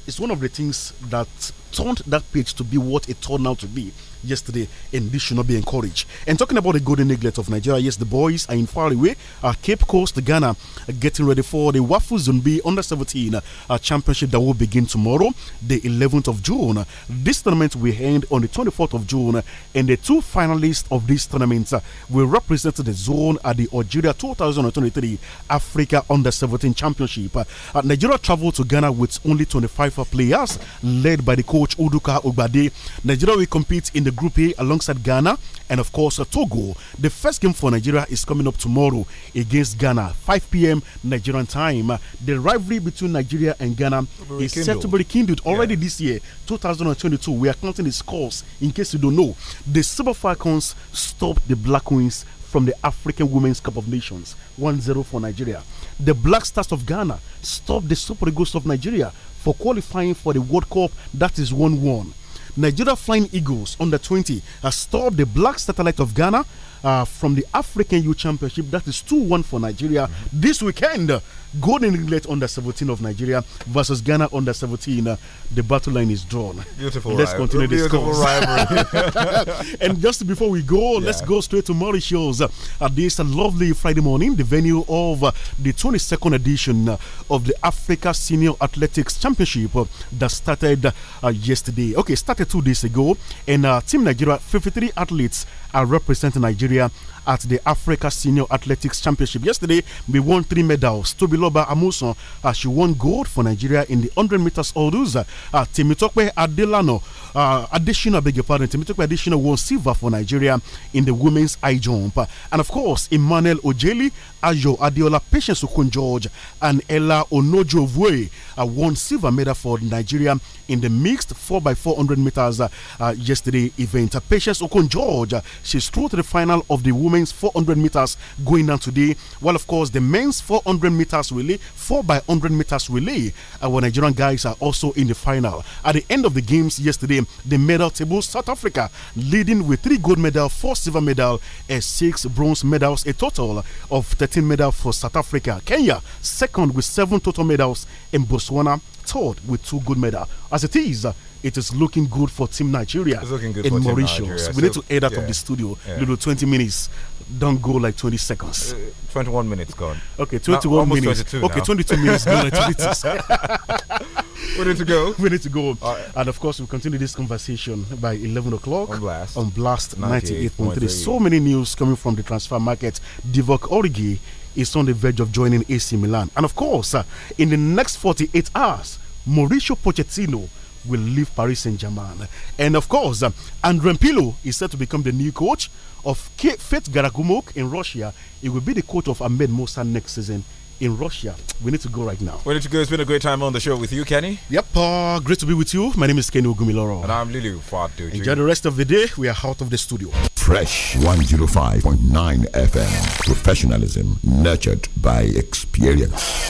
is one of the things that turned that pitch to be what it turned out to be yesterday, and this should not be encouraged. And talking about the golden neglect of Nigeria, yes, the boys are in far away. Uh, Cape Coast, Ghana, uh, getting ready for the WAFU Zone B Under 17 uh, Championship that will begin tomorrow, the 11th of June. This tournament will end on the 24th of June, and the two finalists of this tournament uh, will represent the zone at the Algeria 2023 Africa Under 17 Championship. Uh, uh, Nigeria traveled to Ghana with only 25 players, led by the coach Uduka Ugbade. Nigeria will compete in the the Group A alongside Ghana and, of course, uh, Togo. The first game for Nigeria is coming up tomorrow against Ghana, 5 p.m. Nigerian time. the rivalry between Nigeria and Ghana Very is kindled. set to be rekindled already yeah. this year, 2022. We are counting the scores in case you don't know. The Silver Falcons stopped the Black Wings from the African Women's Cup of Nations, 1 0 for Nigeria. The Black Stars of Ghana stopped the Super Eagles of Nigeria for qualifying for the World Cup, that is 1 1. Nigeria Flying Eagles under 20 has stopped the Black Satellite of Ghana uh, from the African Youth Championship. That is 2 1 for Nigeria. Mm -hmm. This weekend, Golden England under 17 of Nigeria versus Ghana under 17. Uh, the battle line is drawn. Beautiful. Let's rival. continue this rivalry. *laughs* *laughs* and just before we go, yeah. let's go straight to Mauritius. Uh, at this lovely Friday morning, the venue of uh, the 22nd edition uh, of the Africa Senior Athletics Championship uh, that started uh, yesterday. Okay, started two days ago, and Team Nigeria 53 athletes I representing Nigeria at the Africa Senior Athletics Championship. Yesterday, we won three medals. Tobiloba Amuson, uh, she won gold for Nigeria in the 100 meters hurdles. Uh, uh Timitokwe Adelano, uh, Adishina, beg your pardon, Timitokwe Adishina won silver for Nigeria in the women's high jump. Uh, and of course, Emmanuel Ojeli Ayo Adeola, Patience Okun George, and Ella Onojovwe uh, won silver medal for Nigeria in the mixed 4x400 meters uh, uh, yesterday event. Uh, Patience Okun George, uh, she strode to the final of the women's 400 meters going down today, while, of course, the men's 400 meters relay, 4x100 meters relay, our Nigerian guys are also in the final. At the end of the games yesterday, the medal table, South Africa leading with three gold medals, four silver medals, and six bronze medals, a total of 13. 13 medals for South Africa. Kenya, second with seven total medals, and Botswana, third with two gold medals. As it is, it is looking good for Team Nigeria it's looking good Mauritius. Nigeria, we so need to end up yeah, of the studio, yeah. little 20 minutes don't go like 20 seconds. Uh, 21 minutes gone. Okay, 21 no, minutes. 22 okay, now. 22 minutes gone like *laughs* we need to go. *laughs* We need to go. Right. And of course, we'll continue this conversation by 11 o'clock on Blast, on Blast 98.3. So many news coming from the transfer market. Divock Origi is on the verge of joining AC Milan. And of course, uh, in the next 48 hours, Mauricio Pochettino will leave Paris Saint Germain. And of course, um, André Pilo is set to become the new coach of Fate Garagumok in Russia. He will be the coach of Ahmed Mosa next season in Russia. We need to go right now. We need to go. It's been a great time on the show with you, Kenny. Yep. Uh, great to be with you. My name is Kenny Ogumiloro. And I'm Lily Fatu. Enjoy the rest of the day. We are out of the studio. Fresh 105.9 FM. Professionalism nurtured by experience.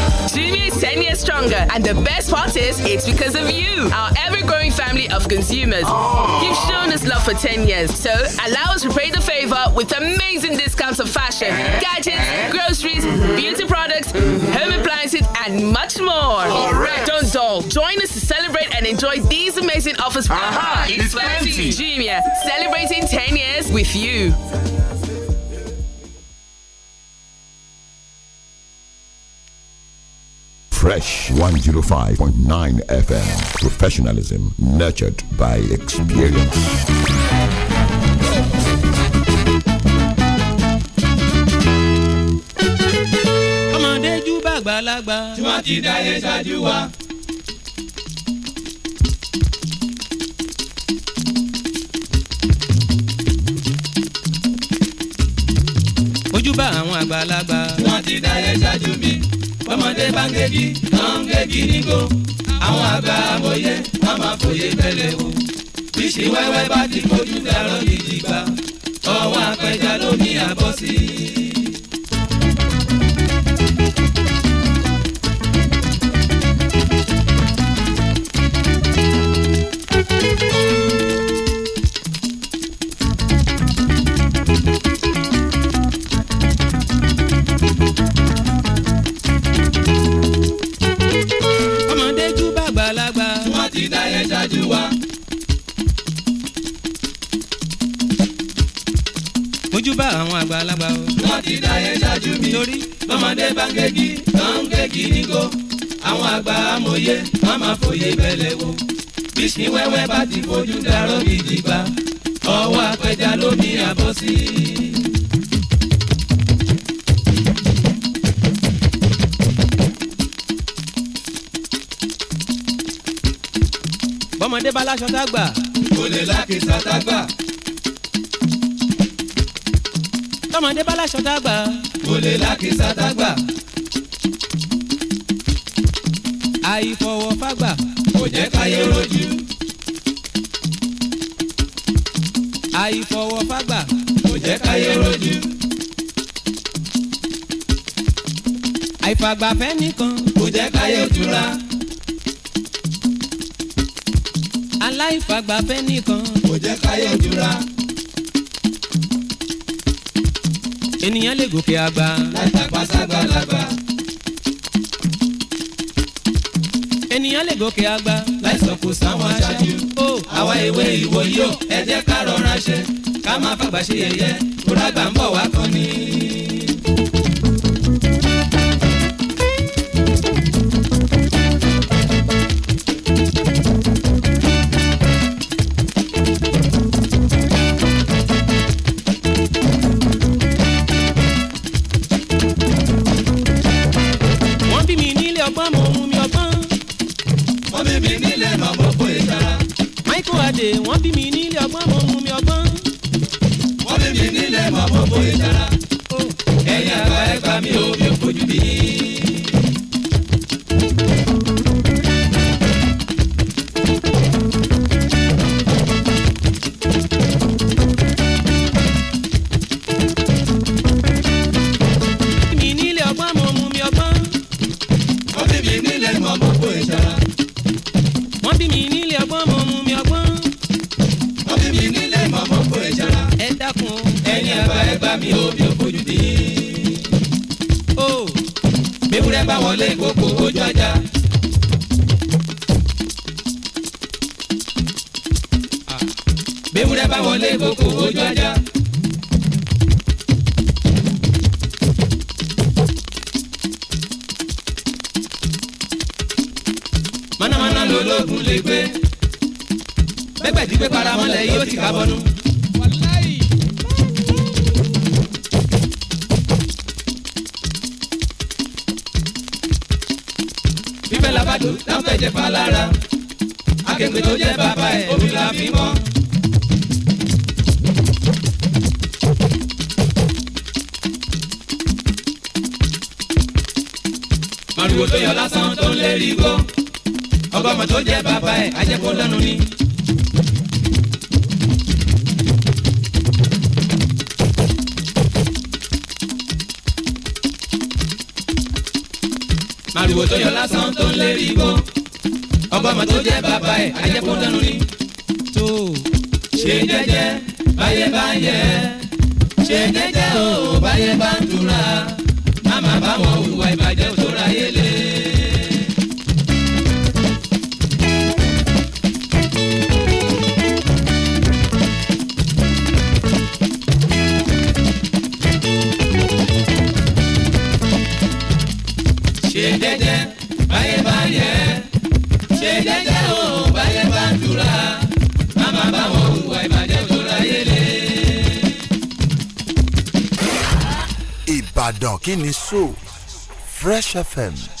Consume 10 years stronger. And the best part is, it's because of you, our ever growing family of consumers. Oh. You've shown us love for 10 years. So allow us to pay the favor with amazing discounts of fashion, gadgets, groceries, beauty products, home appliances, and much more. Correct. Don't dull. Join us to celebrate and enjoy these amazing offers. Ah, Aha, uh-huh, it's 20. Jumia, celebrating 10 years with you. Fresh 105.9 FM. Professionalism nurtured by experience. ọmọdé jù bàgbàlagbà. tí wọ́n ti dáyé ṣáájú wa. ojúbà àwọn àgbàlagbà. wọ́n ti dáyé ṣáájú mi bọ́mọdé bá ń gégi wọ́n ń gégi nígò àwọn àgbà amòye wọ́n máa fòye bíṣì wẹ́wẹ́ bá ti fojú darọ́ gidi gbà ọwọ́ apẹja lómi àbọ̀ sí i. bá amòye má má fòye bẹ̀lẹ̀ wo bí ṣì wẹ́wẹ́ bá ti fojú darọ́ gidigba ọwọ́ apẹja lómi àbọ̀ sí i. bọ́mọdé bá láṣọ tá gbà. kò lè lákìsà bá láṣọ tá gbà. kò lè àìfọwọ́ fágbà kò jẹ́ káyé rojú. àìfọwọ́ fágbà kò jẹ́ káyé rojú. àìfàgbàfẹ́ nìkan kò jẹ́ káyé ojúra. aláìfàgbàfẹ́ nìkan kò jẹ́ káyé ojúra. ènìyàn lè gòkè àgbà. láìpàpà ságbà èèyàn lè gòkè àgbà láìsàn kò sáwọn aṣáájú. àwa ìwé ìwòyí o ẹ jẹ́ ká rọra ṣe ká má fàgbà ṣe yẹ̀yẹ́ kó dàgbà ń bọ̀ wá kan ní. èdè wọ́n bí mi nílé ọgbọ́n mo mú mi ọgbọ́n. wọ́n bí mi nílé mọ̀ mọ́ bóyá jára ẹ̀yin àgbà ẹ̀gbà mi ò mi ò fojú jàjà. FM.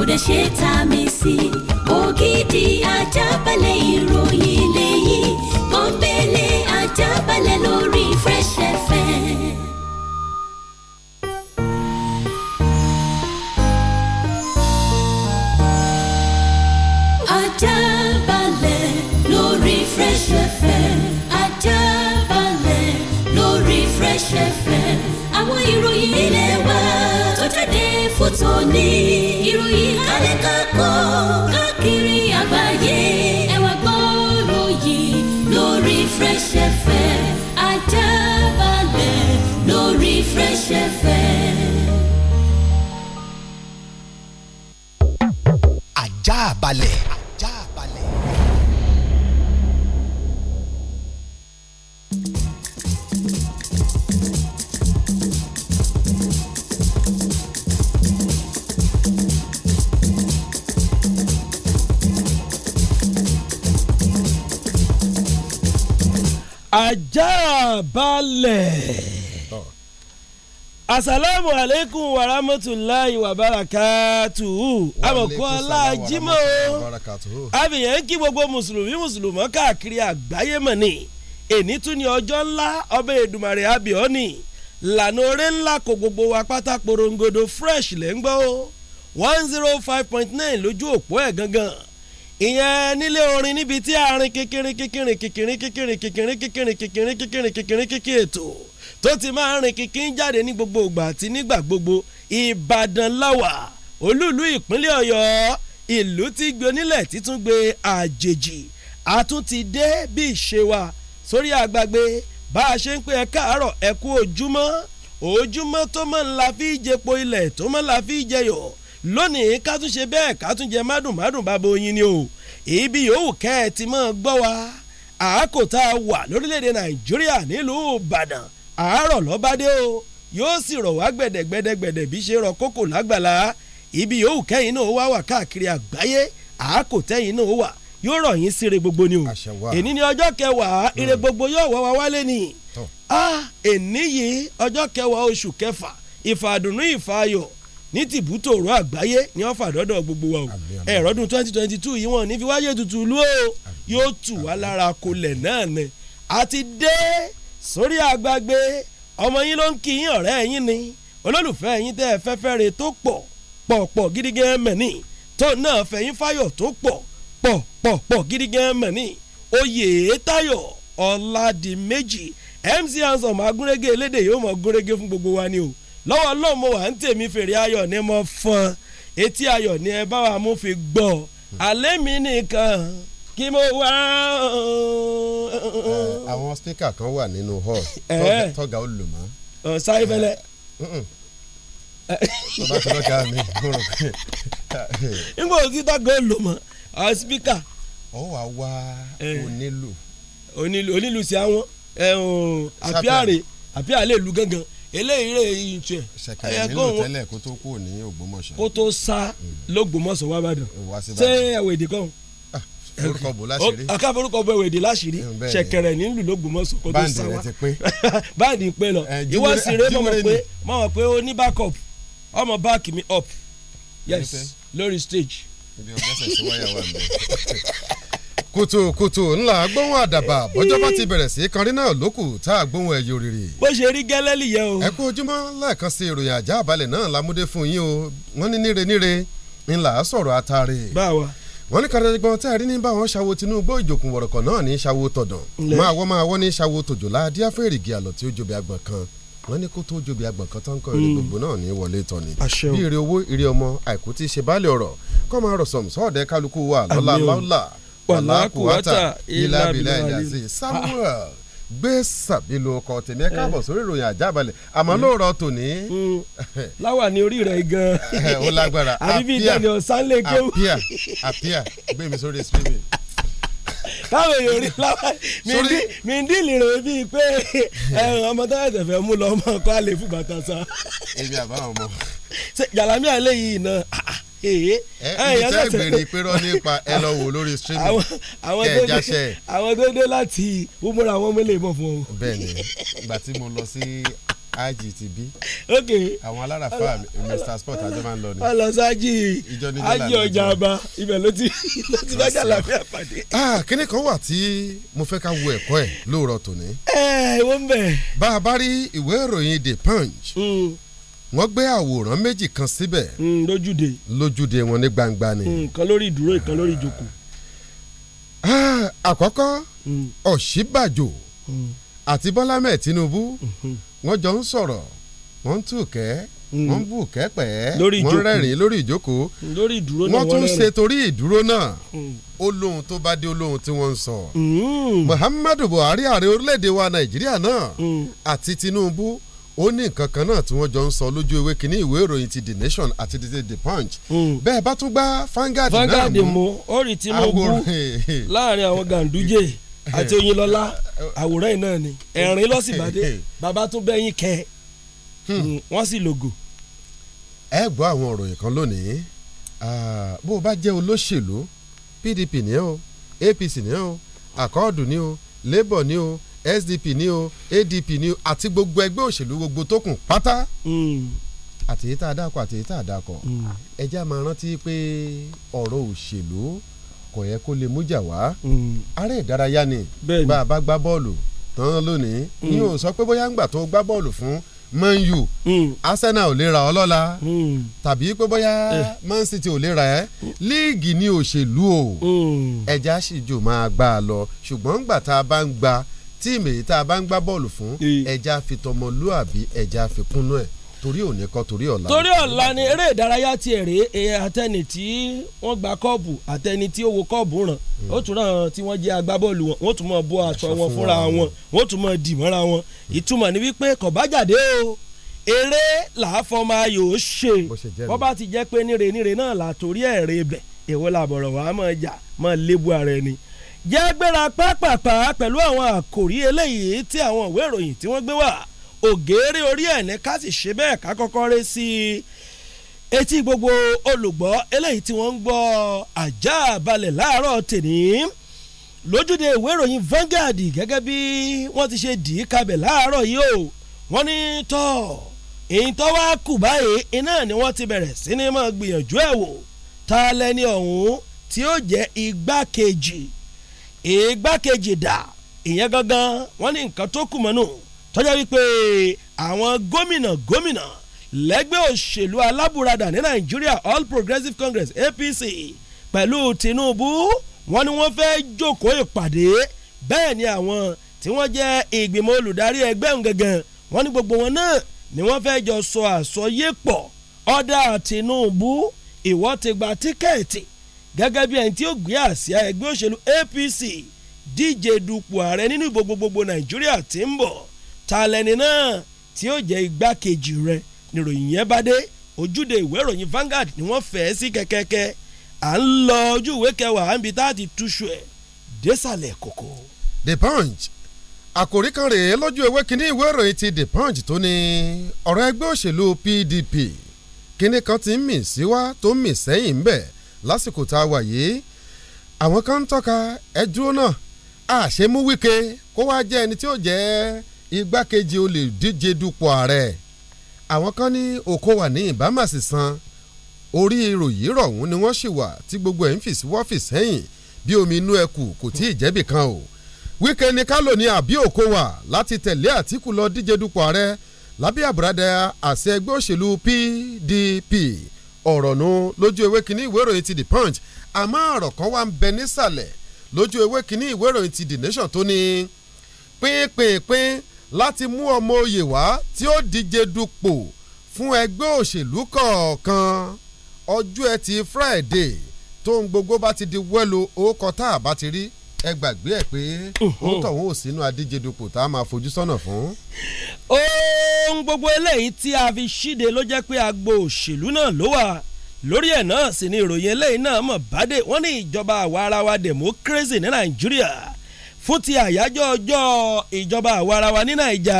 kò dẹ̀ ṣe ta mi sí i ògidì ajábalẹ̀ ìròyìn lẹ́yìn pọ́npẹ́lẹ́ ajábalẹ̀ lórí Fresh FM. ajábalẹ̀ lórí Fresh FM ajábalẹ̀ lórí Fresh FM àwọn ìròyìn ilé wa jáde fún tòní. ìròyìn kálẹ̀ kákọ́ káàkiri àgbáyé. ẹ wá gbọ́rọ̀ yìí lórí Fresh FM ajá balẹ̀ lórí Fresh FM. ajá balẹ̀. Àjààbálẹ̀. asalaamu aleykum wa rahmatulahi wa barakatuhu amọ̀kú ọlá jimoh abiyẹn kí gbogbo mùsùlùmí mùsùlùmọ́ káàkiri àgbáyé mọ̀ ni èní tún ni ọjọ́ ńlá ọbẹ̀ edumare abioni lànà oore ńlá kò gbogbo wa pátá porongodo fresh lẹ́ ń gbọ́ one zero five point nine lójú òpó ẹ̀ gangan ìyẹn nílé orin níbi tí àárín kékeré kékeré kékeré kékeré kékeré kékeré kékeré kékeré kékeré kékeré ètò tó ti máa rìn kíkín jáde ní gbogbo ìgbà àti nígbà gbogbo Ìbàdàn láwà olúùlú ìpínlẹ̀ Ọ̀yọ́ ìlú tí gbé onílẹ̀ títún gbé àjèjì àtún ti dé bí ìṣe wa sórí àgbàgbé bá a ṣe ń pè ẹ káàárọ̀ ẹ kú ojúmọ́ ojúmọ́ tó mọ́ ńlá fi jẹpo ilẹ̀ tó mọ́ ńlá fi jẹyọ̀ lónìí ká tún ṣe bẹ́ẹ̀ ká tún jẹ mádùnmádùn bàbá oyin ni o ibi yòówù kẹ́ ẹ ti máa gbọ́ wa àákò tá a wà lórílẹ̀‐èdè nàìjíríà nílùú ìbàdàn àárọ̀ lọ́bàdé o yóò sì rọ̀ wá gbẹ̀dẹ̀gbẹ̀dẹ̀gbẹ̀dẹ̀ bí ṣe rọ̀ kókò lágbàlá ibi yòówù kẹ́yìn náà wá wà káàkiri àgbáyé àákò tẹ́yìn náà wà yóò rọ̀ yín sí ire gbogbo ni o èní ni ọjọ́ kẹwàá hmm. ire gbogbo yóò wá wa wálé ni ah, èní yìí ọjọ́ kẹwàá oṣù kẹfà ìfàdùnnú ìfàyọ̀ ní tìbútò òró àgbáyé ní ọ̀fà dọ́dọ̀ gbogbo wa o ẹ̀rọ ọdún twenty twenty two yìí wọ́n ní fi wáyé tutù lú o yóò tù wá lára kolẹ̀ náà ni àti dé sórí àgbàgbé ọmọ yín ló ń kí yín ọ̀rẹ́ yín ni olólùfẹ́ yín tẹ́ ẹ fẹ́fẹ́ re tó pọ̀ pọ̀pọ̀ gidigan mẹ́ni tó náà fẹ̀yìn fáyọ̀ tó pọ̀ pọ̀pọ̀pọ̀ gidigan mẹ́ni oyè tayo ọ̀làdìmẹ́jì mc ansom agúnrégé elédè yóò mọ̀ gúnrégé fún gbogbo wa ni o lọ́wọ́ lọ́wọ́ mo wà ń tèmi fèrè ayọ̀ ni mo fọn etí ayọ̀ ni ẹ bá wa mú fi gbọ́ alẹ́ mi nìkan kí mo wá. àwọn spíkà kan wà nínú hall tọ́gà ó sáré fẹlẹ. bàbá tọ́gà mi gbọ́dọ̀ pé. nígbà tí tọ́gà ó àwọn spíkà. ọ wà wá onílù. onílù sí àwọn àbí àrè àbí àlè ìlú gángan eléyìí rè é yín tiẹ̀. ṣẹ̀kẹ̀rẹ̀ nílò tẹ́lẹ̀ kó tó kúrò ní Ògbómọ̀ṣọ́. kó tó sá l'Ógbómọ̀ṣọ́ wá bàdàn ṣé ẹ̀wẹ̀ èdè kan ah, forúkọ bò láṣìírí. ọ̀ká forúkọ bò èdè láṣìírí ṣẹ̀kẹ̀rẹ̀ nílùú l'Ógbómọ̀ṣọ́ kó tó sá wa *laughs* báńdì pé lọ ìwọ sì rè mọ̀ pé mọ̀ pé ó ní back up ọmọ back me up yes lórí stage. ibi ọgbẹ́sẹ̀ sí wáyà wà mí. *laughs* kùtùkùtù ńlá gbóhùn àdàbà bọ́jọ́ bá ti bẹ̀rẹ̀ sí kanrin náà lókù tá a gbóhùn ẹ̀yọ́ rírì. bó ṣe rí gẹ́lẹ́lì yẹn o. ẹ kú ojúmọ́ lẹ́ẹ̀kan sí ìròyìn àjá àbálẹ̀ náà lámúdé fún yín o wọ́n ní níre níre ńlá sọ̀rọ̀ àtàrè. báwa wọ́n ní kàdàgbọ́n tá a rí ní báwọn ṣàwo tinubu ìjòkùn wọ̀rọ̀kọ̀ náà ní ṣàwo tọ̀dàn máa wọ́ máa wọ́ ní ṣàwo tòjòlá díáfẹ́ èrìgì àlọ́ tí ó jobi àgbọ̀n kan wọ́n ní kó tó jobi àgbọ̀n kan tán kọ́ èrè hmm. gbogbo náà ní wọlé tán ni bí ire owó ire ọmọ àìkú ti ṣe báàlẹ̀ ọ̀rọ̀ kọ́ máa rọ̀ sọ̀mùsọ̀ọ́dẹ kálukú wa lọ́la lọ́la wàlá kùwátà Samuel ah. gbé sàbí lo ọkọ tèmi ẹ eh. káàbọ̀ sórí ìròyìn àjábalẹ̀ àmọ́ hmm. lóòrọ̀ tòní. Hmm. *laughs* láwà ní orí rẹ̀ gan. Eh, ó lágbára àpíà àpíà àpíà gbé mi sórí streaming káwọn *laughs* èèyàn rí láwọn mindili rẹ bíi pé *laughs* eh, ọmọ tó yàtọ̀ fẹ́ mú lọ ọmọ kọ́ àlè fún bàtà sa. èmi àbá ọmọ. jalami alẹ́ yìí náà ee ẹyẹ lọsẹ pé ìgbésẹ̀ pérọ nípa ẹ lọ wò lórí streaming kẹ ẹ jáṣẹ. àwọn tó dé láti umura àwọn ọmọ ilé ìbọn fún ọ. bẹ́ẹ̀ni ìgbà tí mo lọ sí aji ti bí. ok àwọn aláràfà mr sport àjọ máa ń lọ ni. ọlọsọ aji aji ọjà àbá ibẹ̀ ló ti ló ti dájà láfíà pàdé. ah kíní kan wà tí mo fẹ́ ká wo ẹ̀kọ́ ẹ̀ lóòrọ̀ tòní. ẹ ẹ wọ́n bẹ̀. bá a bá rí ìwé ìròyìn the punch. Mm wọ́n gbé àwòrán méjì kan síbẹ̀. Hmm, lójúde lójúde wọn ní gbangba ni. Hmm, nǹkan lórí ìdúró ìkan lórí ìjókòó. Ah, àkọ́kọ́ hmm. ọ̀ṣíbàjò àti bọ́lá mẹ́ẹ̀ tinubu wọ́n jọ ń sọ̀rọ̀ wọ́n ń túkẹ́ wọ́n ń bùkẹ́ pẹ́ wọ́n rẹ́rìn lórí ìjókòó wọ́n tún ṣe torí ìdúró náà ó lóhun tó bá dé ó tí wọ́n ń sọ. muhammadu buhari ààrẹ orílẹ̀-èdè wa nàìjíríà náà àti tinubu. Mm ó ní nǹkan kan náà tí wọ́n jọ ń sọ lójú ewé kínní ìwé ìròyìn ti the nation àti the the punch. Hmm. bẹ́ẹ̀ bá tún gbá fangadi náà mú fangadi mú ó rí Tinubu láàrin àwọn Ganduje àti Oyinlọlá àwòrán yìí ni ẹ̀rín lọ́sibàdé hmm. bàbá tún bẹ́yìn kẹ́ hmm. wọ́n sì lògò. ẹ gbọ́ àwọn òròyìn kan lónìí bó o bá jẹ́ olóṣèlú PDP ni o APC ni o Accord ni o Labour ni o SDP ni o ADP ni o àti gbogbo ẹgbẹ́ òṣèlú gbogbo tó kù pátá mm. àti èyí tá a dákọ̀ àti èyí tá a dákọ̀ mm. ẹ jẹ́ máa rántí pé ọ̀rọ̀ òṣèlú kò yẹ kó lè mújà wá mm. ará ìdárayá ni bá a bá gbá bọ́ọ̀lù tán lónìí ni o sọ pé bóyá ń gbà tó gbá bọ́ọ̀lù fún Man U Arsenal ò lè ra ọ lọ́la tàbí pé bóyá eh. Man City ò lè ra ẹ́ líìgì ni òṣèlú o ẹja sì jò máa gbá a lọ ṣùgbọ́n gbà tá a bá ń gba tíìmù èyí tá a bá ń gbá bọ́ọ̀lù fún ẹja fi tọmọlúàbí ẹja fi kúnnú ẹ̀ torí òní kọ́ torí ọ̀la. torí ọ̀la ni eré ìdárayá ti ẹ̀rẹ́ àtẹni tí wọ́n gba kọ́ọ̀bù àtẹni tí ó wo kọ́ọ̀bù ràn hmm. ó tún ràn tí wọ́n jẹ́ agbábọ́ọ̀lù wọn wọ́n tún mọ̀ bọ́ aṣọ wọn fúnra wọn wọ́n tún mọ̀ dì mọ́ra wọn ìtumọ̀ ni wípé kọ̀bájáde o eré làáfọ́mọ ayò ó ṣe bọ́ bá ti jẹ́ pé níre níre náà là ẹ̀rẹ́ ibẹ̀ èwo làbọ̀rọ̀ wàá mọ̀ jà mọ̀ lébu ara ẹni jẹ́ gbéra pápápá pẹ̀lú àwọn àkòrí eléyìí tí àwọn ìwé ìròyìn tí wọ́n gbé wá ògèrè orí ẹ̀ ní ká sì ṣe bẹ́ẹ̀ ká kọ́kọ́ ré sí i etí gbogbo olùgbọ́ eléyìí tí wọ́n ń gbọ́ àjà balẹ̀ láàárọ̀ tèmi lójúde ìwé ìròyìn Vanguard gẹ́gẹ́ bí wọ́n ti ṣe dì í kabẹ̀ láàárọ̀ yìí o wọ́n ní tọ́ ìyìntọ́ wá kù báyìí iná ni wọ́n ti bẹ̀rẹ̀ sí ni máa gbìyànjú ẹ̀ ta lẹni ọ̀hún tí ó jẹ́ igbákejì ìgbákejì dà ìyẹn gangan wọ́n ní nǹkan tó kù mọ́nù tọ́jà wípé àwọn gómìnà gómìnà lẹ́gbẹ́ òṣèlú alábùradà ní Nàìjíríà All Progressives Congress APC pẹ̀lú Tinubu wọ́n ní wọ́n fẹ́ jókòó ìpàdé bẹ́ẹ̀ ni àwọn tí wọ́n jẹ́ ìgbìmọ̀ olùdarí ẹgbẹ́ òun gangan wọ́n ní gbogbo wọn náà ni wọ́n fẹ́ jọ sọ àsọyé pọ̀ ọ̀dà Tinubu ìwọ ti gba tíkẹ́ẹ̀tì gẹ́gẹ́ bí ẹni tí ó gbé àsíá ẹgbẹ́ òṣèlú APC díje dupò ààrẹ nínú ìbò gbogbogbò Nàìjíríà tí ń bọ̀ ta lẹni náà tí ó jẹ́ igbákejì rẹ níròyìn yẹn bá dé ojúde ìwé ìròyìn Vanguard ni wọ́n fẹ́ sí kẹ́kẹ́kẹ́ à ń lọ ojú ìwé kẹwàá níbi tá a ti túṣu ẹ̀ désàlẹ̀ kòkó. The Punch àkòrí kan rèé lójú ewé kínní ìwé ìròyìn ti The Punch tó ní ọ̀rọ̀ ẹgbẹ́ òṣèlú PDP kínní kan ti ń mì síwá tó ń mì sẹ́yìn ń lásìkò tá a wà yìí àwọn kan ń tọ́ka ẹ dúró náà àṣẹ mú Wike kó wáá jẹ́ ẹni tí ó jẹ́ igbákejì olè díje dupò ààrẹ àwọn kan ní Okowa ní ìbámasì san orí ìròyìn rọ̀hún ni wọ́n sì wà tí gbogbo ẹ̀ ń fìsí wọ́fìsì sẹ́yìn bí omi inú ẹkù kò tí ì jẹ́bì kan o Wike ní kálò ní àbí Okowa láti tẹ̀lé Àtíkù lọ díje dupò ààrẹ lábẹ́ àbúradà àṣẹ ẹgbẹ́ òṣèlú PDP ọ̀rọ̀ nu lójú ewé kínní ìwé ìròyìn ti The Punch àmọ́ ọ̀rọ̀ kan wà ń bẹ nísàlẹ̀ lójú ewé kínní ìwé ìròyìn ti The Nation tó ní pínpínpín láti mú ọmọ oyè wá tí ó díje dupò fún ẹgbẹ́ òṣèlú kọ̀ọ̀kan ọjọ́ ẹtì Friday tó ń gbogbo bá ti di wẹ́lu orúkọ tá a bá ti rí ẹ gbàgbé ẹ pé òun tọ̀hún sínú adíje dupò tá a máa fojú sọ́nà fún. ohun gbogbo eléyìí tí a fi ṣíde ló jẹ́ pé agbo òṣèlú náà ló wà lórí ẹ̀ náà sì ni ìròyìn eléyìí náà mọ̀ bádé wọ́n ní ìjọba àwarawa democracy ní nàìjíríà fún ti àyájọ́ ọjọ́ ìjọba àwarawa ní nàìjà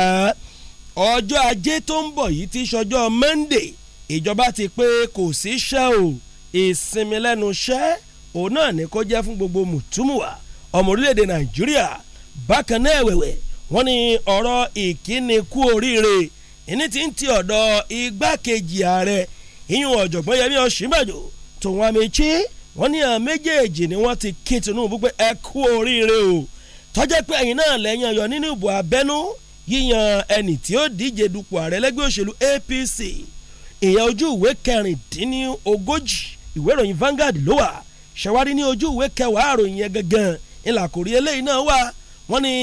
ọjọ́ ajé tó ń bọ̀ yìí ti ṣọjọ́ monday ìjọba ti pé kò sí iṣẹ́ o ìsinmi lẹ́nu iṣẹ́ òun náà ni kó jẹ́ fún gbogbo mùtúmùwà ọmọ orílẹ̀-èdè nàìjíríà bákan náà ẹ̀wẹ̀wẹ̀ wọ́n ní ọ̀rọ̀ ìkíni kú oríire ìní ti ń ti ọ̀dọ̀ igbákejì ààrẹ ìyún ọ̀jọ̀gbọ́n yẹmí ọ̀ṣínbàjò tòun àmìchí wọ́n ní àwọn méjèèjì ni wọ́n ti kí tinubu pé ẹ kú oríire o tọ́jẹ́ pé ẹ̀yin náà lẹ́yìn ọ̀yọ́ nínú ìbò abẹ́nú yíyan ẹnì tí ó díje dupò ààrẹ lẹ́gbẹ́ òṣèlú APC ìyẹn ojú ìwé kẹrìndínlógójì ìwé ìròyìn Vanguard ló wà ṣàwárí ní ojú ìwé kẹwàá àròyìn yẹn gangan ńlá kò rí eléyìí náà wá wọ́n ní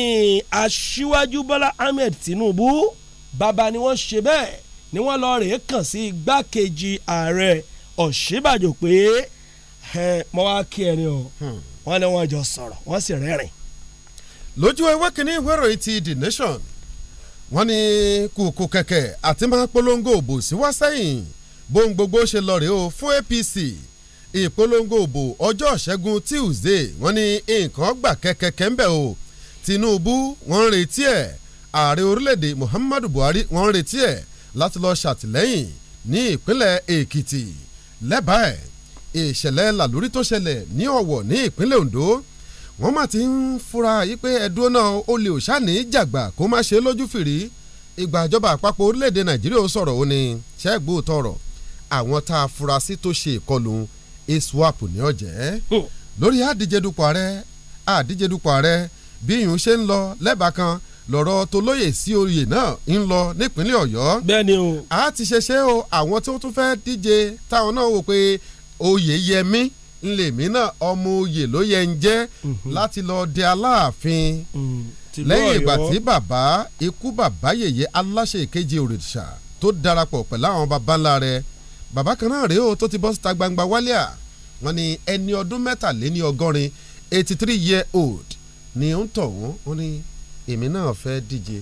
aṣíwájú bọ́lá ahmed tinubu bàbá ni wọ́n ṣe bẹ́ẹ̀ ni wọ́n lọ rèé kàn sí igbákejì ààrẹ ọ̀ṣínbàjò pé mo wá kí ẹni o hmm. wọ́n ní wọ́n jọ sọ̀rọ̀ wọ́n sì rẹ́rìn. lójú ewé kínní ìwé ìròyìn ti the nation wọ́n ní kùkù kẹ̀kẹ́ àti máa polongo òbò síwá sẹ́yìn bóun gbogbo ṣe lọ rèé o fún apc ìpolongo òbò ọjọ́ ìṣẹ́gun Tuesday wọ́n ní nǹkan gbà kẹ́kẹ́kẹ́ ń bẹ̀ o Tinubu wọ́n ń retí ẹ̀ ààrẹ orílẹ̀-èdè Muhammadu Buhari wọ́n ń retí ẹ̀ láti lọ́ọ́ ṣàtìlẹ́yìn ní ìpínlẹ̀ Èkìtì lẹ́bàá ẹ̀ ìṣẹ̀lẹ̀ làlórí tó ṣẹlẹ̀ ní Ọ̀wọ̀ ní ìpínlẹ̀ Ondo wọ́n mà ti ń fura yìí pé ẹ̀dúró náà ó lè ò ṣàní jàgbà kó má ṣe lójú fìrí ìgbà àpapọ̀ orílẹ̀-èdè Nàìjíríà ó sọ̀rọ̀ ó ṣẹ́gbó tọrọ àwọn tá a fura sí tó ṣe ìkọlù ISWAP ní ọ̀jẹ́ lórí àdíje dupò ààrẹ àdíje dupò ààrẹ bí ìyún ṣe ń lọ lẹ́bàá kan lọ́rọ̀ tó lóye sí oyè náà ń lọ nípínlẹ̀ ọ̀yọ́. bẹ́ẹ̀ni o. a ti ṣe ṣe o àwọn tí wọ́n tún fẹ́ẹ́ díje táwọn náà wò pé oyè yẹ mí ń lè mí náà ọmọ oyè ló yẹ ń jẹ́ mhm. láti lọ di aláàfin mm, lẹ́yìn ìgbà tí bàbá ikú bàbá yèyé aláṣẹ ìkejì òrìṣà tó darapọ̀ pẹ̀lú àwọn baba ńlá rẹ̀ bàbá kan náà rèé o tó ti bọ́ síta gbangba wálé à wọ́n ní ẹni ọdún mẹ́tàléní ọgọ́rin eighty three year old ni ó ń tọ̀ wọ́n ó ní èmi náà fẹ́ díje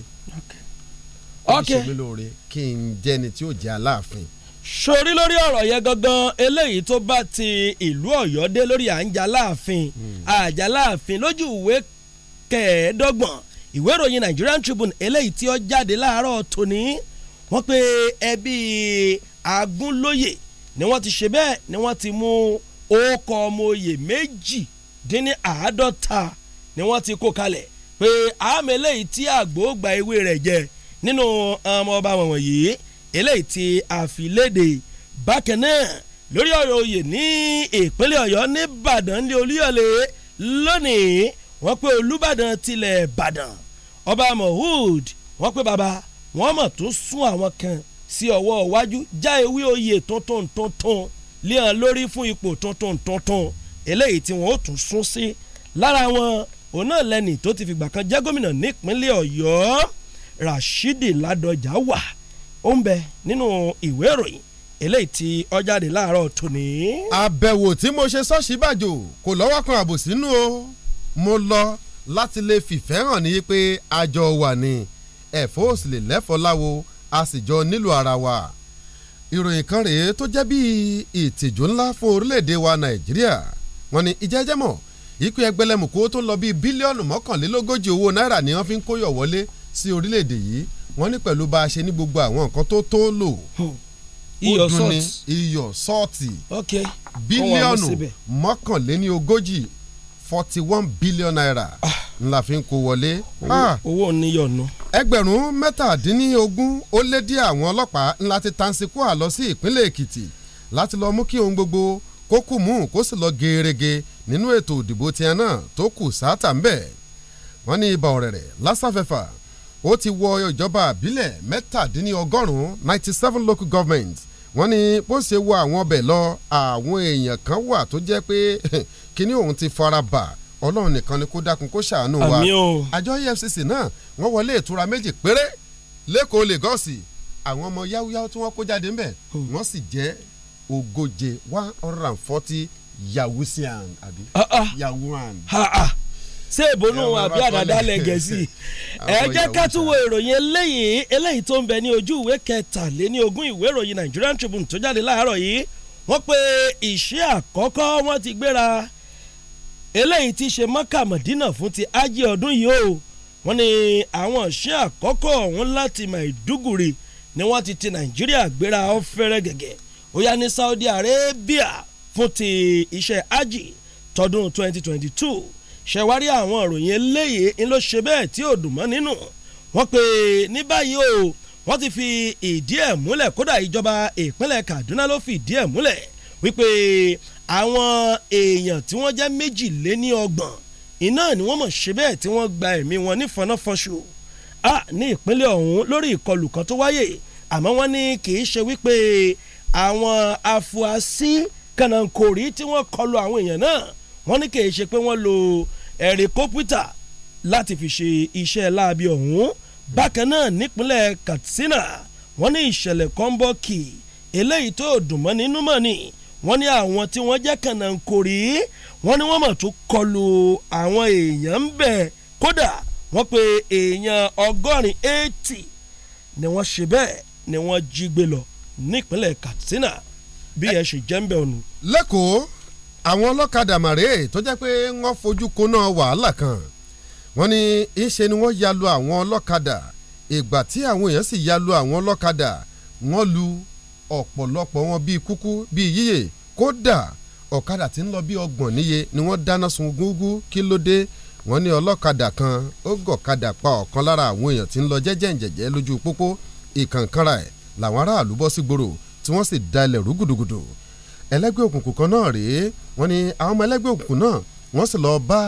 ok ṣe mí lóore kí n jẹ́ni tí ó jẹ́ aláàfin. sori lórí ọ̀rọ̀ yẹn gangan eléyìí tó bá ti ìlú ọ̀yọ́ dé lórí àǹjà láàfin àjà hmm. láàfin lójú ìwé kẹẹ̀ẹ́dọ́gbọ̀n ìwé ìròyìn Nigerian Tribune eléyìí tí ó jáde láàárọ̀ tòní wọ́n pe ẹbí Agúnlóyè ni wọ́n ti ṣe bẹ́ẹ̀ ni wọ́n ti mú ọkọ̀ ọmọ oyè méjì dín ní àádọ́ta ni wọ́n ti kó kalẹ̀ pé àmì eléyìí tí àgbò gba ewé rẹ̀ jẹ nínú ọmọ um, ọba wọn wọ̀nyí eléyìí tí a bákan náà lórí ọ̀rọ̀ oyè ní ìpínlẹ̀ ọ̀yọ́ nìbàdàn ní olúyọ̀lé lónìí wọ́n pé olúbàdàn tilẹ̀ ìbàdàn ọba mahood wọ́n pé baba wọ́n mọ̀ tó sún àwọn kan sí ọwọ́ iwájú já ewé oyè tuntun tuntun léhàn lórí fún ipò tuntun tuntun eléyìí tí wọ́n ó tún sún sí lára wọn òun náà lẹ́nì tó ti fìgbà kan jẹ́ gómìnà nípínlẹ̀ ọ̀yọ́ Rashidi Ládọjà wà ó ń bẹ nínú ìwé ìròyìn eléyìí tí ó jáde láàárọ̀ tòní. àbẹ̀wò tí mo ṣe sọ́sibàjò kò lọ́wọ́ kan àbò sínú o mo lọ láti lè fìfẹ́ hàn ní pé àjọ wà ní ẹ̀fọ́ òsì lè lẹ́fọ́ láwo a sì jọ nílò ara wa ìròyìn kan rèé tó jẹ́ bí ìtìjú ńlá fún orílẹ̀-èdè wa nàìjíríà wọ́n ní ìjẹ́jẹ́ mọ̀ ikú ẹgbẹ̀lẹ́mùkú tó lọ bíi bílíọ̀nù mọ́kànlélógójì owó náírà ni wọ́n fi ń kóyọ̀ wọlé sí orílẹ̀-èdè yìí wọ́n ní pẹ̀lú bá a ṣe ní gbogbo àwọn nǹkan tó tó lò iyọ̀ sọ́ọ̀tì iyọ̀ sọ́ọ̀tì bílíọ̀nù mọ́kànléní ogójì forty one billion naira ńlá ah. fi ń kó wọlé. owó ah. níyọ̀ nù ẹgbẹ̀rún mẹ́tàdínlógún ó lé díẹ̀ àwọn ọlọ́pàá ńlá ti Tansikóà lọ sí ìpínlẹ̀ Èkìtì láti lọ mú kí ohun gbogbo kó kù mú kó sì lọ gerege nínú ètò òdìbò tiẹ̀ náà tó kù sáátà ńbẹ̀ wọ́n ní ibà ọ̀rẹ̀rẹ̀ lásàfẹ́fà ó ti wọ ìjọba àbílẹ̀ mẹ́tàdínlọ́gọ́rùn-ún ninety seven local governments wọ́n ní bó ṣe wọ àwọn ọbẹ̀ lọ àwọn èèyàn kan wà tó jẹ́ pé *laughs* kíní òun ti fara bà ọlọ́run nìkan ni kó dákun kó ṣàánú wa àjọ EFCC náà wọ́n wọlé ìtura méjì péré lẹ́kọ̀ọ́ Lagos àwọn ọmọ yáwúyáwú tí wọ́n kó jáde ńbẹ̀ hmm. wọ́n sì jẹ́ ogóje one hundred and forty yawusian àbí ah, ah. yawuan ṣé ìbónú àbí àdàdà lẹ́gẹ̀ẹ́sì *laughs* ẹ jẹ́ ká tún wo ìròyìn eléyìí eléyìí tó ń bẹ ní ojú ìwé kẹtàléní ìwé ìròyìn Nigerian Tribune tó jáde láàárọ̀ yìí wọ́n pe ìṣe àkọ́kọ́ wọ́n ti gbéra eléyìí ti ṣe mọ́kà mọ̀dínà fún ti ájí ọdún yìí o wọ́n ní àwọn ìṣẹ́ àkọ́kọ́ ọ̀hún láti Maiduguri ni wọ́n ti ti Nàìjíríà gbéra ó fẹ́rẹ́ gẹ̀gẹ̀ ó yá ní Saudi Arabia fún ti iṣẹ́ ájí tọdún 2022 ṣẹ̀wárí àwọn ìròyìn eléyìí ń lọ ṣe bẹ́ẹ̀ tí ò dùn mọ́ nínú wọ́n pe ní báyìí o wọ́n ti fi ìdí ẹ̀ múlẹ̀ kódà ìjọba ìpínlẹ̀ Kaduna ló fi ìdí ẹ̀ múlẹ̀ wípé àwọn èèyàn tí wọ́n jẹ́ méjìléní ọgbọ̀n iná ni wọ́n mọ̀ ṣe bẹ́ẹ̀ tí wọ́n gba ẹ̀mí wọn ní fanáfọ́ṣù a ní ìpínlẹ̀ ọ̀hún lórí ìkọlù kan tó wáyé àmọ́ wọ́n ní kì í ṣe wípé àwọn afuasí kànáńkòrí tí wọ́n kọlù àwọn èèyàn náà wọ́n ní kì í ṣe pé wọ́n lo ẹ̀rí kọ́pútà láti fi ṣe iṣẹ́ láabi ọ̀hún bákan náà nípínlẹ̀ Katsina wọ́n ní ìṣẹ̀lẹ̀ kan bọ́ kì eléyìí tó dùnmọ́ nínú mọ̀ ni wọ́n ní àwọn tí wọ́n jẹ́ kànáńkórì wọ́n ní wọ́n mọ̀ tó kọlu àwọn èèyàn ń bẹ̀ kódà wọ́n pe èèyàn ọgọ́rin eighty ni wọ́n ṣe bẹ́ẹ̀ ni wọ́n jí gbé lọ nípínlẹ̀ Katsina bí ẹ ṣe jẹ́ ń bẹ̀ ọ̀nù. lẹ́kọ̀ọ́ àwọn ọlọ́kadà màrè tó jẹ́ pé wọ́n fojú koná wàhálà kan wọ́n ní ìṣe ni wọ́n ya lu àwọn ọlọ́kadà ìgbà tí àwọn èèyàn sì ya lu àwọn ọlọ́kadà wọ́n lu ọ̀pọ̀lọpọ̀ wọn bíi kúkú bíi yíyè kódà ọ̀kadà tí ń lọ bíi ọgbọ̀n níye ni wọ́n dáná sun gúngún kí ló dé wọ́n ní ọlọ́kadà kan ó gọ̀kadà pa ọ̀kan lára àwọn èèyàn tí ń lọ jẹ́jẹ́ jẹ́jẹ́ lójú pópó ìkànkanra ẹ̀ làwọn aráàlú bọ́ sí gbòòrò tí wọ́n sì da ilẹ̀ ẹlẹ́gbẹ́ òkùnkùn kan náà rèé wọ́n ní àwọn ọmọ ẹlẹ́gbẹ́ òkùnkùn náà wọ́n sì lọ́ọ́ bá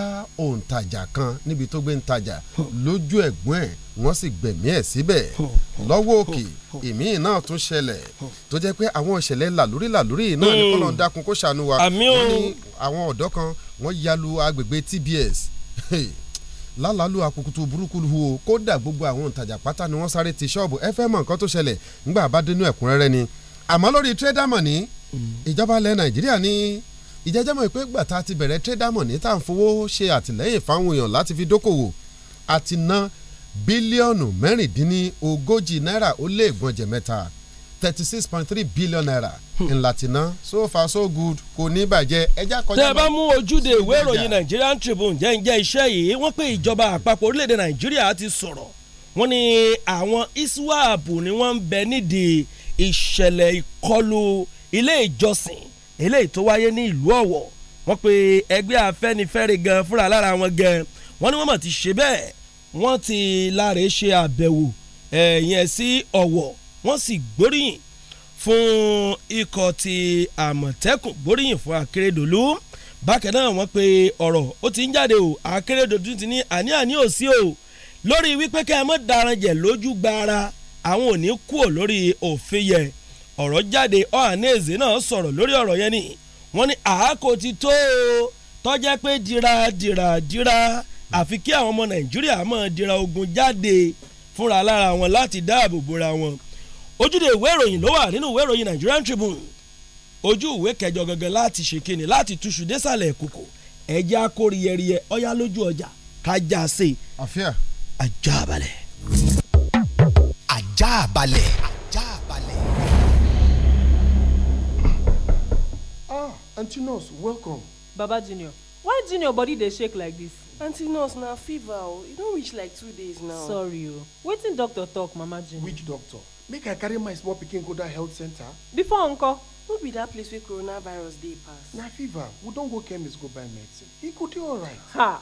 òǹtajà kan níbi tó gbé ń lójú ẹ̀gbọ́n ẹ̀ wọ́n sì gbẹ̀mí ẹ̀ síbẹ̀ lọ́wọ́ òkè èmi náà tún ṣẹlẹ̀ tó jẹ́ pé àwọn ìṣẹ̀lẹ̀ làlórí làlórí náà ní kọ́lọ́n dákun kó ṣàánú wa wọ́n ní àwọn ọ̀dọ́ kan wọ́n yalu agbègbè TBS *laughs* lálàálù akukutu burúkú wo kódà gbogbo àwọn òǹtajà pátá ni wọ́n sáré ti ṣọ́ọ̀bù ẹ fẹ́ mọ̀ nǹkan tó ṣẹlẹ̀ nígbà bá dénú ẹ̀kúnrẹ́rẹ́ ni àmọ́ lórí trader money ìjọba ilẹ̀ Nàìjíríà ní ìjẹ́jẹ́ mọ̀ pé gbàtà ti bẹ̀rẹ̀ trédámọ̀ ní tá à ń fowó ṣe àtìlẹ́yìn fáwọn èèyàn láti fi dókòwò àti ná bílíọ̀nù mẹ́rìndínlógójì náírà ó lé ìgbọ̀njẹ̀ mẹ́ta thirty six point three billion naira in hmm. ti ná so far so good kò ní bàjẹ́ ẹja kọjá. tẹ́ ẹ bá mú ojúde ìwé ìròyìn Nigerian Tribune jẹ́njẹ́ iṣẹ́ yìí wọ́n pé ìjọba àpapọ̀ orílẹ̀-èdè Nàìjíríà ti sọ̀rọ̀ wọ́n ní àwọn iswap ni wọ́n ń bẹ nídìí ìṣẹ̀lẹ̀ ìkọlù ilé ìjọsìn eléyìí tó wáyé ní ìlú Ọ̀wọ̀ wọ́n pe ẹgbẹ́ Afẹ́nifẹ́re gan fúnra lára wọn gan wọ́n ni wọ́n mọ̀ ti ṣe bẹ́ẹ̀ wọ́n ti láre ṣe àbẹ̀wò ẹ̀yẹn sí Ọ̀wọ̀ wọ́n sì gbóríyìn fún ikọ̀ ti Àmọ̀tẹ́kùn gbóríyìn fún Akérédolú bákan náà wọ́n pe ọ̀rọ̀ ó ti ń jáde o Akérédolú ti ní àní àní ò sí o lórí wípé kẹ́ ẹ mọ̀ daranjẹ̀ lójú gbára àwọn ò ní kúò lórí òfin yẹn ọ̀rọ̀ jáde Ohanaeze náà sọ̀rọ̀ lórí ọ̀rọ̀ yẹn ni wọ́n ní àákò ti tó o tọ́jẹ́ pé dira dira dira àfi kí àwọn ọmọ Nàìjíríà máa dira ogun jáde fúnra lára wọn láti dáàbò bora wọn ojúde ìwé ìròyìn ló wà nínú ìwé ìròyìn Nigerian Tribune ojú ìwé kẹjọ gangan láti ṣèkéni láti túṣu désàlẹ̀ kòkò ẹ̀jẹ̀ akóriyẹriyẹ ọ̀yá lójú ọjà kájà sí i. àfíà. balẹ̀. ajá balẹ̀. aunty nurse welcome. baba junior why junior body dey shake like this. aunty nurse na fever o e don reach like two days now. sorry o wetin doctor talk mama junior. which doctor make i carry my small pikin go dat health center. before Uncle, no be dat place wey coronavirus dey pass. na fever we don go chemist go buy medicine e go dey alright. ha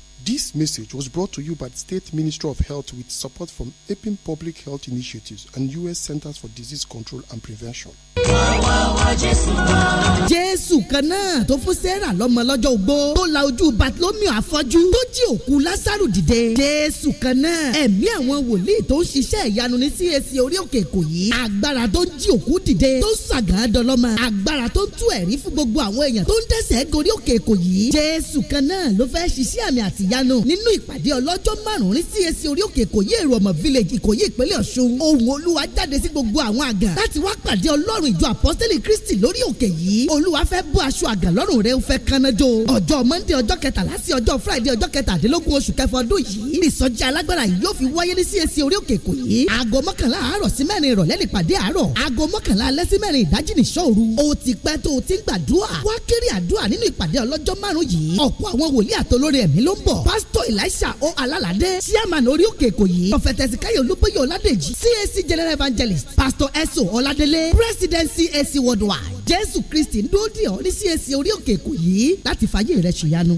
This message was brought to you by the State Ministry of Health with support from APIM e Public Health Initiatives and U.S. Centers for Disease Control and Prevention. jésù kan náà tó fún sarah lọ́mọ lọ́jọ́ ogbó tó la ojú bartolomeo afọ́jú tó jí òkú lásàrò dìde jésù kan náà ẹ̀mí àwọn wòlíì tó ń ṣiṣẹ́ ìyanu ní cac orí òkè èkó yìí agbára tó ń jí òkú dìde tó ń sàgán dọlọ́mọ agbára tó ń tú ẹ̀rí fún gbogbo àwọn èèyàn tó ń tẹ̀sẹ̀ gorí òkè èkó yìí jésù kan náà ló fẹ́ ṣiṣẹ́ àmì àtìyẹ ìyanu nínú ìpàdé ọlọ́jọ́ márùn-ún ní CAC orí òkè ìkòyí èrò ọmọ village ìkòyí ìpínlẹ̀ ọ̀ṣun ohùn olúwa jáde sí gbogbo àwọn àgàn láti wá pàdé ọlọ́run ìjọ apọ́sítélì kristi lórí òkè yìí olúwa fẹ́ bọ́ aṣọ àgàn lọ́rùn rẹ̀ ó fẹ́ kánájó ọjọ́ monday ọjọ́ kẹtàlá sí ọjọ́ friday ọjọ́ kẹtàdínlógún oṣù kẹfọ ọdún yìí ìsọjí alágbára yìí yóò fi wáyé ní CAC orí òkè ìkòyí aago mọ́kànlá àárọ̀ sí mẹ́rin ìrọ̀lẹ́ lè pàdé àárọ̀ aago mọ́kànlá alẹ́ sí mẹ́rin ìdájí nìṣọ́ òru o ti pẹ́ tó o ti ń gbàdúrà wá kéré àdúrà nínú ìpàdé ọlọ́jọ́ márùn-ún yìí ọ̀pọ̀ àwọn wòlíì àtolórí ẹ̀mí ló ń b bọ̀ pásítọ̀ elisha o alalade chairman orí òkè ìkòyí ọ̀fẹ̀tẹ̀sì káyọ̀ olúbóyè ọ̀ládèjì cac general evangelist pastor eso ọ̀ládélé president cac worldwide jésù kristi ń dúró dì ọ́ ní cac orí òkè ìkòyí láti fàyè rẹ̀ ṣìyanu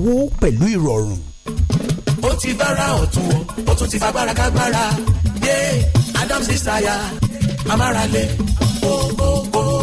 owó pẹ̀lú ìrọ̀rùn. ó ti bára ọ̀tún ó tún ti fagbára kágbára yé Adams desire amárale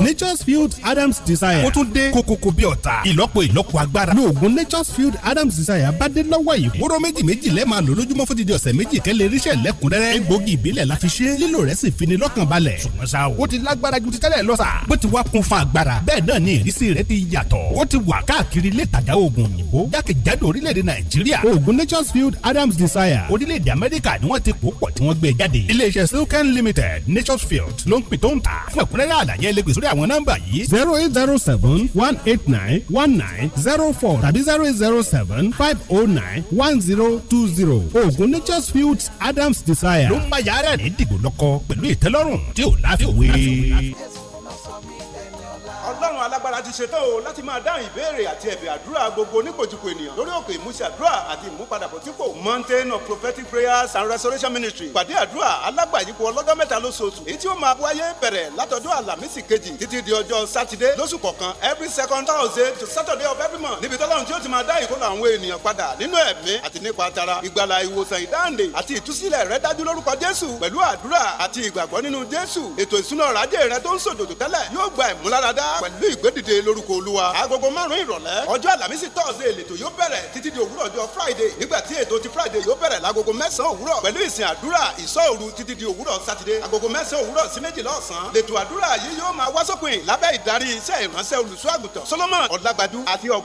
nature's field adams desire ó tún dé kókókó bí ọ̀tá ìlọ́po ìlọ́po agbára ní oògùn nature's field adams desire bá dé lọ́wọ́ yìí wóró méjì méjì lẹ́ẹ̀ máa lò lójúmọ́ fún dídí ọ̀sẹ̀ méjì kẹ́lẹ́ irísẹ́ lẹ́kùnrẹ́rẹ́ egbògi ìbílẹ̀ la fi ṣe lílò rẹ̀ sì fini lọ́kàn balẹ̀ ṣùgbọ́n ṣá o ó ti lágbára ju ti tẹ́lẹ̀ lọ sà bó ti wá kún fún agbára bẹ́ẹ̀ náà ni ìrísí rẹ̀ ti yàtọ̀ ó ti wà káàkiri ilé ìtajà oògùn òyìnbó jákèjádò orílẹ̀-èdè nàìjíríà oògùn nature's field adams desire orílẹ̀-èdè amẹ́ríkà ni wọ́n ti pò pọ̀ tí wọ́n gbé e jáde iléeṣẹ́ silken limited nature's field product ló ń pín tó ń tà fún ẹ̀kúnrẹ́rẹ́ àlàyé ẹlẹ́gbẹ̀ sórí àwọn nọ́mbà yìí zero eight zero seven one eight nine one nine zero four tàbí zero eight zero seven five oh nine one zero two zero oògùn nature's fields Adams Desire ló ń bá yàrá rẹ̀ dìgbò lọ́kọ pẹ̀lú ìtẹ́lọ́rùn tí ò láfi agbára ti ṣetán o láti máa dáhùn ìbéèrè àti ẹ̀bẹ̀ àdúrà gbogbo oníkojúko ènìyàn lórí òkè ìmúṣẹ àdúrà àti ìmúpadàbọ̀ tí kò. mountain of prophetic prayers and restoration ministry pàdé àdúrà alágbàyípo ọlọ́dọ́ mẹ́ta lóṣooṣù èyí tí ó máa wáyé bẹ̀rẹ̀ látọjọ́ àlàmísì kejì títí di ọjọ́ sátidé lóṣù kọ̀ọ̀kan every second thursday to saturday of every month níbi tọ́lọ́run tí ó ti máa dá ìkólọ àwọn ènìyàn padà nínú ẹ̀mí àti nípa tara ìgbàlà ìwòsàn ìdáǹdè àti ìtúsílẹ̀ rẹ dájú lórúkọ jésù pẹ̀lú àdúrà àti ìgbàgbọ́ nínú jésù ètò ìsúná ọ̀rọ̀ rẹ tó ń ṣòdòdò tẹ́lẹ̀ yóò gba ìmúláradá pẹ̀lú ìgbéd dìde lórúkọ olúwa. agogo márùn-ún ìrọ̀lẹ́ ọjọ́ àlàmísì tọ́sídẹ̀ẹ́ lètò yóò bẹ̀rẹ̀ títí di òwúrọ̀ ọjọ́ friday nígbà tí ètò ti friday yóò bẹ̀rẹ̀ lágogo mẹ́sàn-án òwúrọ̀ pẹ̀lú ìsìn àdúrà ìsọ̀òru títí di òwúrọ̀ sátidé agogo mẹ́sàn-án òwúrọ̀ sí méjìlá ọ̀sán lètò àdúrà yìí yóò máa wá sópin lábẹ́ ìdarí iṣẹ́ ìránṣẹ́ olùṣọ́àgùtàn solomon ọ̀làgbàdú àti ọ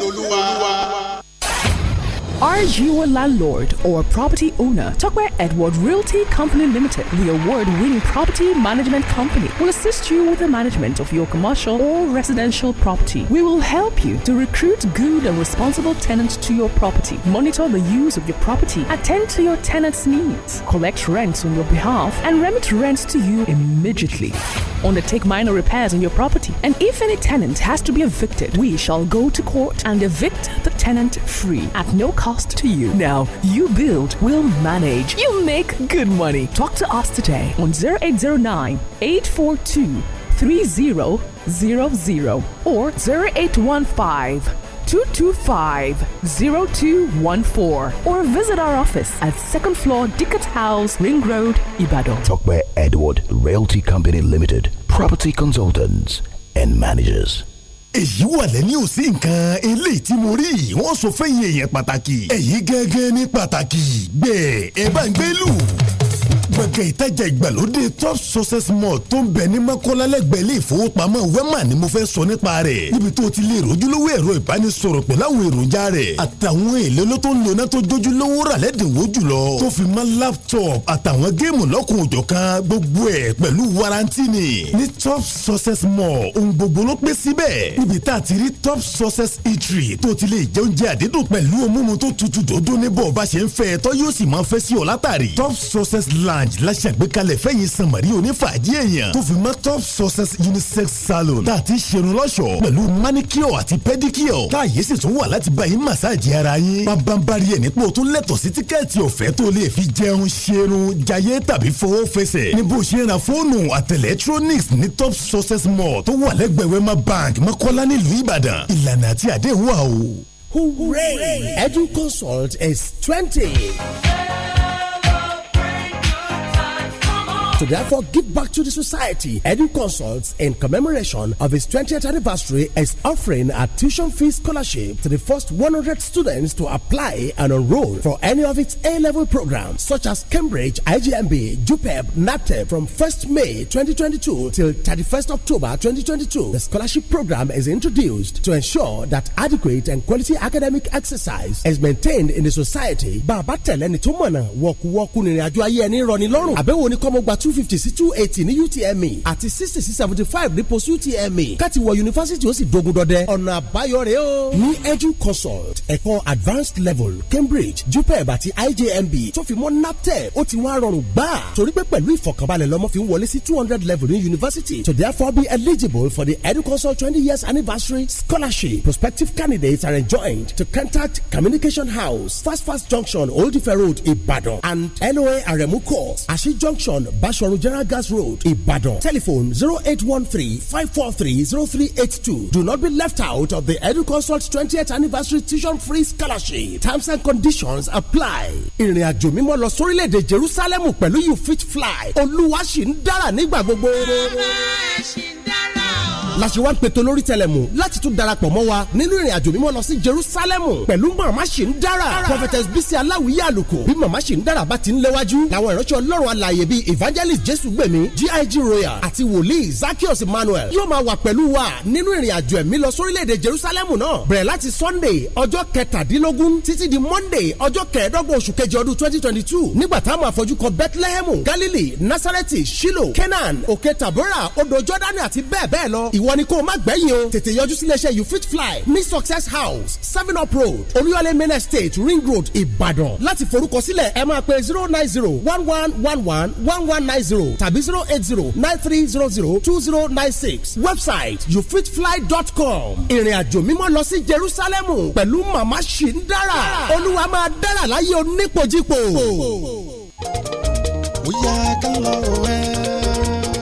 lolúwa. Are you a landlord or property owner? Tuckware Edward Realty Company Limited, the award winning property management company, will assist you with the management of your commercial or residential property. We will help you to recruit good and responsible tenants to your property, monitor the use of your property, attend to your tenants' needs, collect rents on your behalf, and remit rents to you immediately. Undertake minor repairs on your property, and if any tenant has to be evicted, we shall go to court and evict the tenant free at no cost cost to you. Now, you build, we'll manage, you make good money. Talk to us today on 0809 842 3000 or 0815 225-0214 or visit our office at second floor Dickett House, Ring Road, Ibadan. Talk by Edward Realty Company Limited, property consultants and managers. èyí wà lẹ́ni ò sí nǹkan eléyìí tí mo rí wọ́n sọ fẹ́yìn èèyàn pàtàkì èyí gẹ́gẹ́ ní pàtàkì bẹ́ẹ̀ ẹ bá ń gbé lù gbọ̀ngàn ìtajà ìgbàlódé top success mall tó ń bẹ ní mọ́kànlá lẹ́gbẹ̀ẹ́ ilé ìfowópamọ́ wema ni mo fẹ́ sọ nípa rẹ̀ níbi tó ti lè rojúlówó ẹ̀rọ ìbánisọ̀rọ̀ pẹ̀lú àwọn èròjà rẹ̀ àtàwọn èlé ló ń lona tó jójúlówó rà lẹ́dínwó jùlọ tó fi mọ́ laptop àtàwọn géèmù lọ́kùn òjọ̀ kan gbogbo ẹ̀ pẹ̀lú warranty ni ní top success mall ohun gbogbo ló pé síbẹ̀ níbi tá a ti rí top success eatery tó ti lè lounge la ṣàgbékalẹ̀ fẹ̀yìn sanmari onífàájì èèyàn tó fi mọ́ top success unisex salon tá a ti ṣerun lọ́ṣọ̀ọ́ pẹ̀lú manicure àti pedicure táàyè sì tún wà láti bá yín massage ara yín pabambari ẹ̀ nípò tó lẹ́tọ̀ọ́ sí tíkẹ́ẹ̀tì ọ̀fẹ́ tó lè fi jẹun ṣerun jayé tàbí fọwọ́ fẹsẹ̀ ní bó ṣe ra fóònù àti electronics ní top success mall tó wà lẹ́gbẹ̀ẹ́ wema bank mọ́kọ́lá nílùú ìbàdàn ìlànà àti àdéhùn wà o. Hooray! Edu Consult is twenty. to therefore give back to the society. Edu Consults, in commemoration of its 20th anniversary, is offering a tuition fee scholarship to the first 100 students to apply and enroll for any of its A level programs, such as Cambridge, IGMB, JUPEB, NAPTEP, e from 1st May 2022 till 31st October 2022. The scholarship program is introduced to ensure that adequate and quality academic exercise is maintained in the society. Bàbá tẹ̀lẹ́ni tó mọ̀nà wọ̀kúwọ́kú nìrìnàjò ayé ẹni rọ̀ ní lọ́rùn. Àbẹ̀wò ni kọ́mọ́gbà t two fifty sí two eighty ní UTME àti sixty sí seventy five ní post UTME káti wọ yunifásitì ó sì dogun dọdẹ ọ̀nà àbáyọ rèé o. ní edu consult ẹ̀kọ́ advanced level Cambridge JUPEB àti IJMB tó fi mọ́ NAPTEP ó ti wá rọrùn gbà torí pé pẹ̀lú ìfọ̀kànbalẹ̀ lọ́mọ fi ń wọlé sí two hundred level ní yunifásitì to therefore be eligible for the edu consult twenty years anniversary scholarship prospective candidates are enjoined to contact communication house fast fast junction Old Ife Road Ibadan and NOA Aremu course Ashi junction Bash Asoro General Gas Road, Ibadan. Telephone 0813-543-0382. Do not be left out of the EduConsult 20th Anniversary Tuition Free Scholarship. Terms and conditions apply. Ìrìn àjò mímọ́ lọ sórílẹ̀-èdè Jerusalem pẹ̀lú You Fit Fly. Olúwa ṣì ń dára nígbà gbogbo. Olúwa ṣì ń dára láti wá ń pètò lórí tẹlẹmù láti tún darapọ̀ mọ́ wa nínú ìrìn àjò mímọ́ lọ sí Jerusalemu pẹ̀lú màmá ṣì ń dára prophetess bisi aláwìyé àlùkò bí màmá ṣì ń dára bá ti ń léwájú làwọn ìránṣẹ́ Ọlọ́run alààyè bíi evangelist evangelist jésù gbẹ̀mí gig royal àti wòlíì zakios emmanuel yóò máa wà pẹ̀lú wa nínú ìrìn àjò ẹ̀mí lọ sórílẹ̀-èdè jerusalem náà bẹ̀rẹ̀ láti sunday ọjọ́ kẹtàdínlógún títí di monday ọjọ́ kẹẹ̀ẹ́dọ́gbọ̀n oṣù kejì ọdún twenty twenty two nígbà tá a máa fojú kan bethlehem galilee nasareti shilo kenan òkè tabora odò jordani àti bẹ́ẹ̀ bẹ́ẹ̀ lọ ìwọ ni kó o má gbẹ̀yìn o tètè yọjú síléeṣẹ́ you fit fly ní success house seven up road olúyọlé main estate ring road ìbàdàn láti forúkọsílẹ̀ ẹ máa pe zero nine zero one one one one one one nine nine zero tàbí zero eight zero nine three zero zero two zero nine six website youfitfly.com ìrìnàjò mímọ́ lọ sí Jerusalem pẹ̀lú màmá Shindara olúwa máa dára láyé onípojípo. ó yá ká lọ